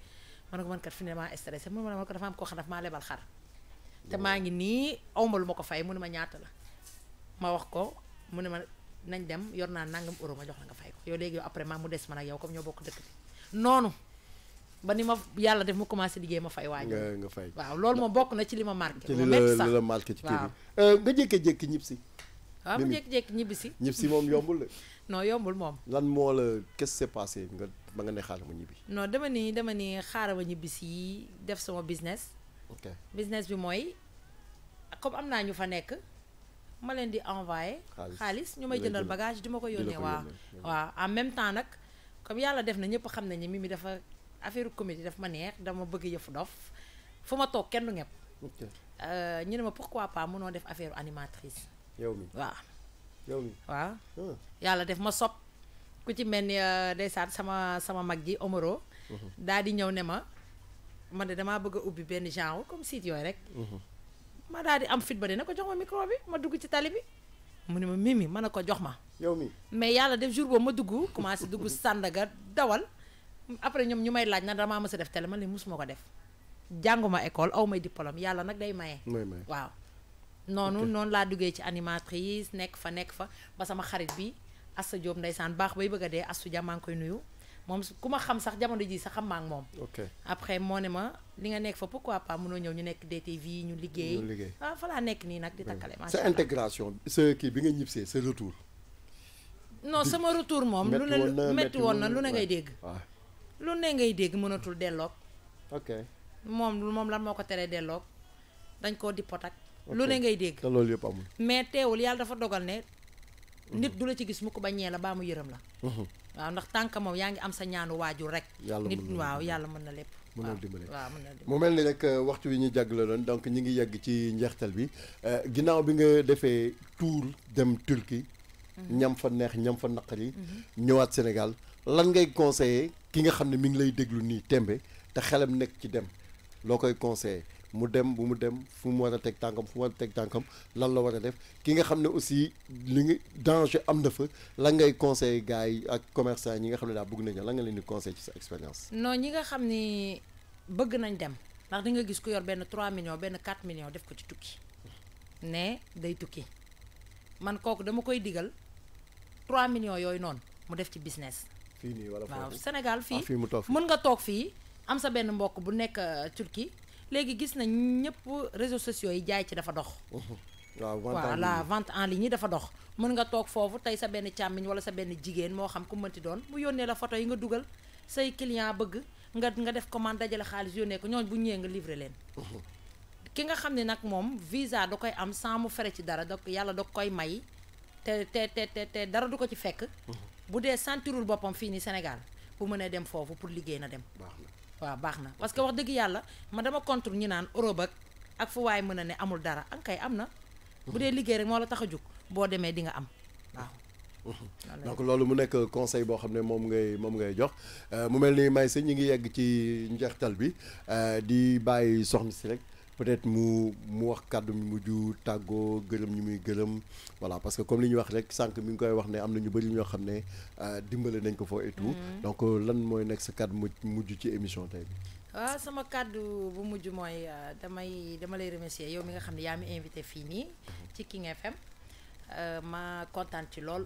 ma ne ko man kat fi ne maa stressé mu ne ma ko dafa am koo xam dafa maa lebal xar te maa ngi nii awma lu ma ko fay mu ne ma ñaata la ma wax ko mu ne ma nañ dem yor naa nangam euro ma jox la nga fay ko yow léegi yow après ma mu des man ak yow comme ñoo bokk dëkk bi noonu ba ni ma yàlla def mu commencé liggéey ma fay waañ nga fay waaw loolu moom bokk na ci li ma marqué ci li la marqué ci euh, nga jékki-jékki si waaw ah, mu jékki-jékki ñibbisi ñibbisi moom yombul de. non yombul moom lan moo la qu'est-ce qui s'est passé nga ba nga ne xaaral ma ñibbi non dama ni dama ni xaaral ma ñibbisi def sama business business bi mooy comme am naa ñu fa nekk ma leen di envoyé xaalis ñu may jëndal bagage di ma ko yónnee waa waaw en même temps nag comme yàlla def na ñëpp xam ne nañu Mimi dafa affaire comédie daf ma neex dama bëgg yëfu dof fu ma toog kenn du ñepp euh, ñu ne ma pour pourquoi pas mënoo def affaire animatrice yow mi waaw yow mi waaw hmm. yàlla def ma sob ku ci mel ni euh, ndeysaan sama sama mag ji Omaro mhm. daal di ñëw ne ma man de damaa bëgg a ubbi benn genre comme site yooyu rek mhm. ma di am fit ba ne ko jox ma micro bi ma dugg ci tali bi mu ne ma mimi ma ne ko jox ma yow mi mais yàlla def jour boobu ma dugg commencé dugg Sandaga dawal après ñoom ñu may laaj na damaa mës a def télé man li musuma ko def jànguma école aw may diplôme yàlla nag day maye waaw noonu non la duggé ci animatrice nek fa nek fa ba sama xarit bi Assa job ndaysan bax bay bëgg dé assu Astou Dia koy nuyu mom, kuma xam sax jamono ji sax xam maa ngi moom après moo ma li nga nek fa pourquoi pas mëno ñëw ñu nek DTV ñu liggéey ah fa la nek ni nak di ma sa intégration ce qui bi nga ñibsee ce retour non sama retour mom, lu ne metti won na lu ne ngay dégg lu ne ngay dégg mënatul delloog ok mom, mom lan moko téré délok dañ ko di lu ne ngay dégg te loolu yëpp amul mais teewul yàlla dafa dogal ne nit du la ci gis mu ko bañee la baa mu yërëm la mhm. waaw ndax tànk moom yaa ngi am sa ñaanu waajur rek nit waaw yàlla mën na lépp mën na dimbale waaw mën na dimbale mu mel ni rek euh, waxtu wi ñu jagleeloon donc ñu ngi yegg ci njeextal bi euh, ginnaaw bi nga defee tour dem Turquie mhm. ñam fa neex ñam fa naqari mhm. ñëwaat senegal lan ngay conseiller ki nga xam ne mi ngi lay déglu nii tembe te xelam nekk ci dem loo koy conseiller mu dem bu mu dem fu mu war a teg tànkam fu mu war a teg tànkam lan la war a def ki nga xam ne aussi li nga danger am na fa lan ngay conseil gars yi ak commerçant ñi nga xam ne daal bëgg nañu lan nga leen di conseil ci sa expérience. non ñi nga xam ni bëgg nañ dem ndax di nga gis ku yor benn 3 millions benn 4 millions def ko ci tukki ne day tukki man kooku dama koy digal 3 millions yooyu noonu mu def ci business. fii nii wala foofu waaw Sénégal fii. Ah, fii mu toog fii mën nga toog fii am sa benn mbokk bu nekk euh, Turquie. léegi gis nañ ñëpp réseaux sociaux yi jaay ci dafa dox. waaw voilà vente en ligne yi dafa dox. mën nga toog foofu tey sa benn càmmiñ wala sa benn jigéen moo xam ku mënti doon mu yónnee la foto yi nga dugal say client bëgg nga nga def commande dajale xaalis yónnee ko ñooñu bu ñëwee nga livré leen. ki nga xam ne nag moom visa da koy am sans mu fere ci dara da yàlla da koy may te te te te dara du ko ci fekk. bu dee sentirul boppam fii ni Sénégal bu mënee dem foofu pour liggéey na dem. waaw baax na parce que wax dëgg yàlla man dama contre ñu naan Europe ak ak fu waay mën na ne amul dara an ah, yi am na. bu dee liggéey rek moo la tax a jóg boo demee di nga am waaw. donc loolu mu nekk conseil boo xam ne moom ngay moom ngay jox euh, mu mel ni may sa ñi ngi yegg ci njeextal bi euh, di bàyyi soxna si rek. peut-être mu mu wax kàddu mu mujj tàggoo gërëm ñu muy gërëm voilà parce que comme li ñuy wax rek sànq mi ngi koy wax ne am na ñu bëri ñoo xam ne euh, dimbale nañ ko foo et mm-hmm. donc euh, lan mooy nekk sa kàddu mu mujj ci émission tey bi waaw ah, sama kàddu bu mujj mooy euh, damay dama lay remercier yow mi nga xam ne yaa mi invité fii nii mm-hmm. ci King FM ma kontaan ci lool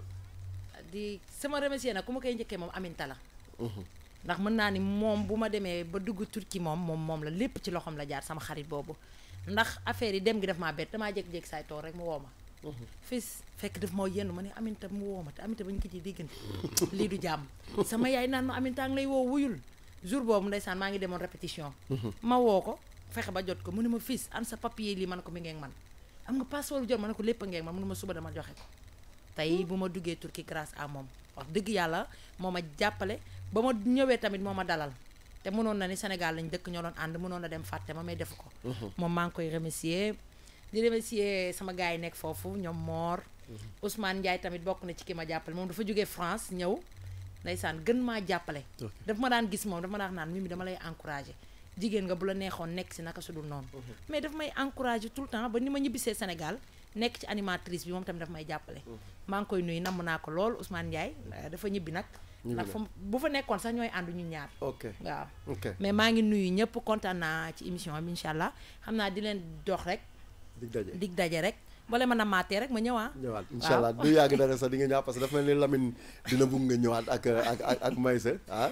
di sama remercier nag ku ma koy njëkkee moom Aminta la mm-hmm. ndax mën naa ni moom bu ma demee ba dugg Turquie moom moom moom la lépp ci loxoom la jaar sama xarit boobu ndax affaire yi dem gi daf maa bett damaa jékki-jékki saay toog rek mu woo ma. Mhm. fis fekk daf ma yenn ma ne aminta mu woo ma te aminta ba ñu ko ciy diggante lii du jàmm sama yaay naan ma aminta lay woo wuyul jour boobu ndeysaan maa ngi demoon répétition. Mhm. ma woo ko fexe ba jot ko mu ne ma fis an sa papier lii man ko mi ngeen man am nga passeport bu jot ma ne ko lépp a ngeeg man mu ne ma suba dama joxe ko tey bu ma duggee turki grâce à moom wax dëgg yàlla moo ma jàppale ba ma ñëwee tamit moo ma dalal te mënoon na ni Sénégal lañ dëkk ñoo doon ànd mënoon na dem fàtte ma may def ko. moom maa ngi koy remercier di remercier sama gars yi nekk foofu ñoom Mor. Ousmane Ndiaye tamit bokk na ci ki ma jàppale moom dafa jógee France ñëw ndeysaan gën maa jàppale. daf ma daan gis moom daf ma daan naan Mimi dama lay encourager. jigéen nga bu la neexoon nekk si naka su dul noonu. mais daf may encourager tout le temps ba ni ma ñibbisee Sénégal nekk ci animatrice bi moom tamit daf may jàppale. maa ngi koy nuyu namm naa ko lool Ousmane Ndiaye mmh. euh, dafa ñibbi nag. ndax fa bu fa nekkoon sax ñooy ànd ñu ñaar ok waaw mais maa ngi nuyu ñëpp kontaan naa ci émission am incha allah xam naa di leen dox rek dig daje dig daje rek boole mën a maatee rek ma ñëwaat ñëwaat incha allah du yàgg dara sax di nga ñëwaat parce que dafa mel ni Lamine dina bugg nga ñëwaat ak ak ak ak Maïssa ah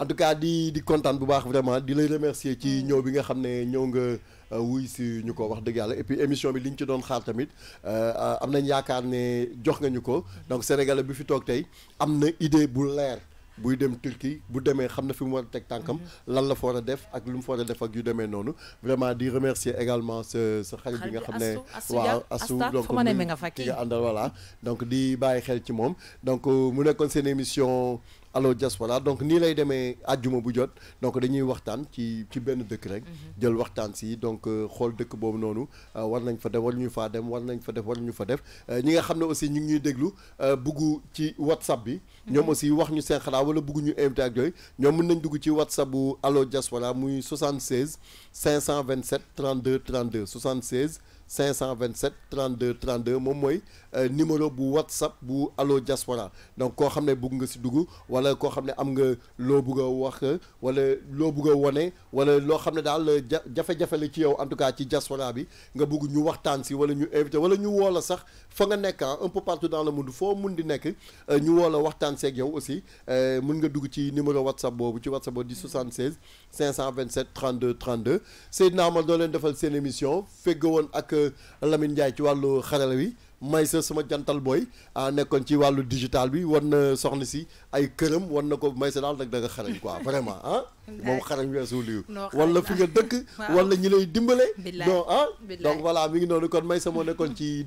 en tout di di kontaan bu baax vraiment di lay remercier ci mm. ñëw bi nga xam ne ñëw nga wuy euh, si ñu ko wax deug yalla et puis émission bi liñ ci doon xaar tamit euh, euh amnañ yaakaar né jox nga ñu ko donc sénégalais bi fi tok tay amna idée bu lèr buy dem Turquie bu démé xamna fi mu war a teg mhm. lan la fa def ak lu mu fa def ak yu démé nonu vraiment di remercier également ce ce xarit bi nga xamné ne waaw asu donc ki nga àndal voilà donc di bàyyi xel ci mom donc euh, mu nekkoon seen émission Allo Diaspora donc nii lay demee àjjuma bu jot donc dañuy waxtaan ci ci benn dëkk rek. Mhm. jël waxtaan sii donc euh, xool dëkk boobu noonu euh, war nañ fa def war ñu faa dem war nañ fa def war ñu fa def euh, ñi nga xam ne aussi ñu ngi ñuy déglu bugg ci WhatsApp bi. Mhm. ñoom aussi wax ñu seen xalaat wala bugg ñu ak yooyu ñoom mën nañ dugg ci WhatsApp bu Allo Diaspora muy 76 527 32 32 76. 527 32 32 mom moy numéro bu whatsapp bu allo diaspora donc ko xamné bëgg nga si dugg wala ko xamné am nga lo bëgg wax wala lo bëgg woné wane wala lo xamné dal euh, jafé jafé la ci yow en tout cas ci diaspora bi nga bëgg ñu waxtaan ci wala ñu invité wala ñu la sax fa nga nekk ah, un peu partout dans le monde fo mun di nekk euh, ñu woo la waxtaan seeg yow aussi euh, mën nga dugg ci numéro whatsapp bobu ci whatsapp boobu di 76 527 32 32 C'est normal, do leen defal seen émission won ak. Euh, Lamine Ndiaye ci wàllu xarala wi may sa sama jantal booy ah nekkoon ci wàllu digital bi wan na soxna si ay këram wan na ko may sa daal nag da nga xarañ quoi vraiment ah moom xarañ weesu liu wala fi nga dëkk wala ñi lay dimbale ah. donc voilà mi ngi noonu kon may moo nekkoon ci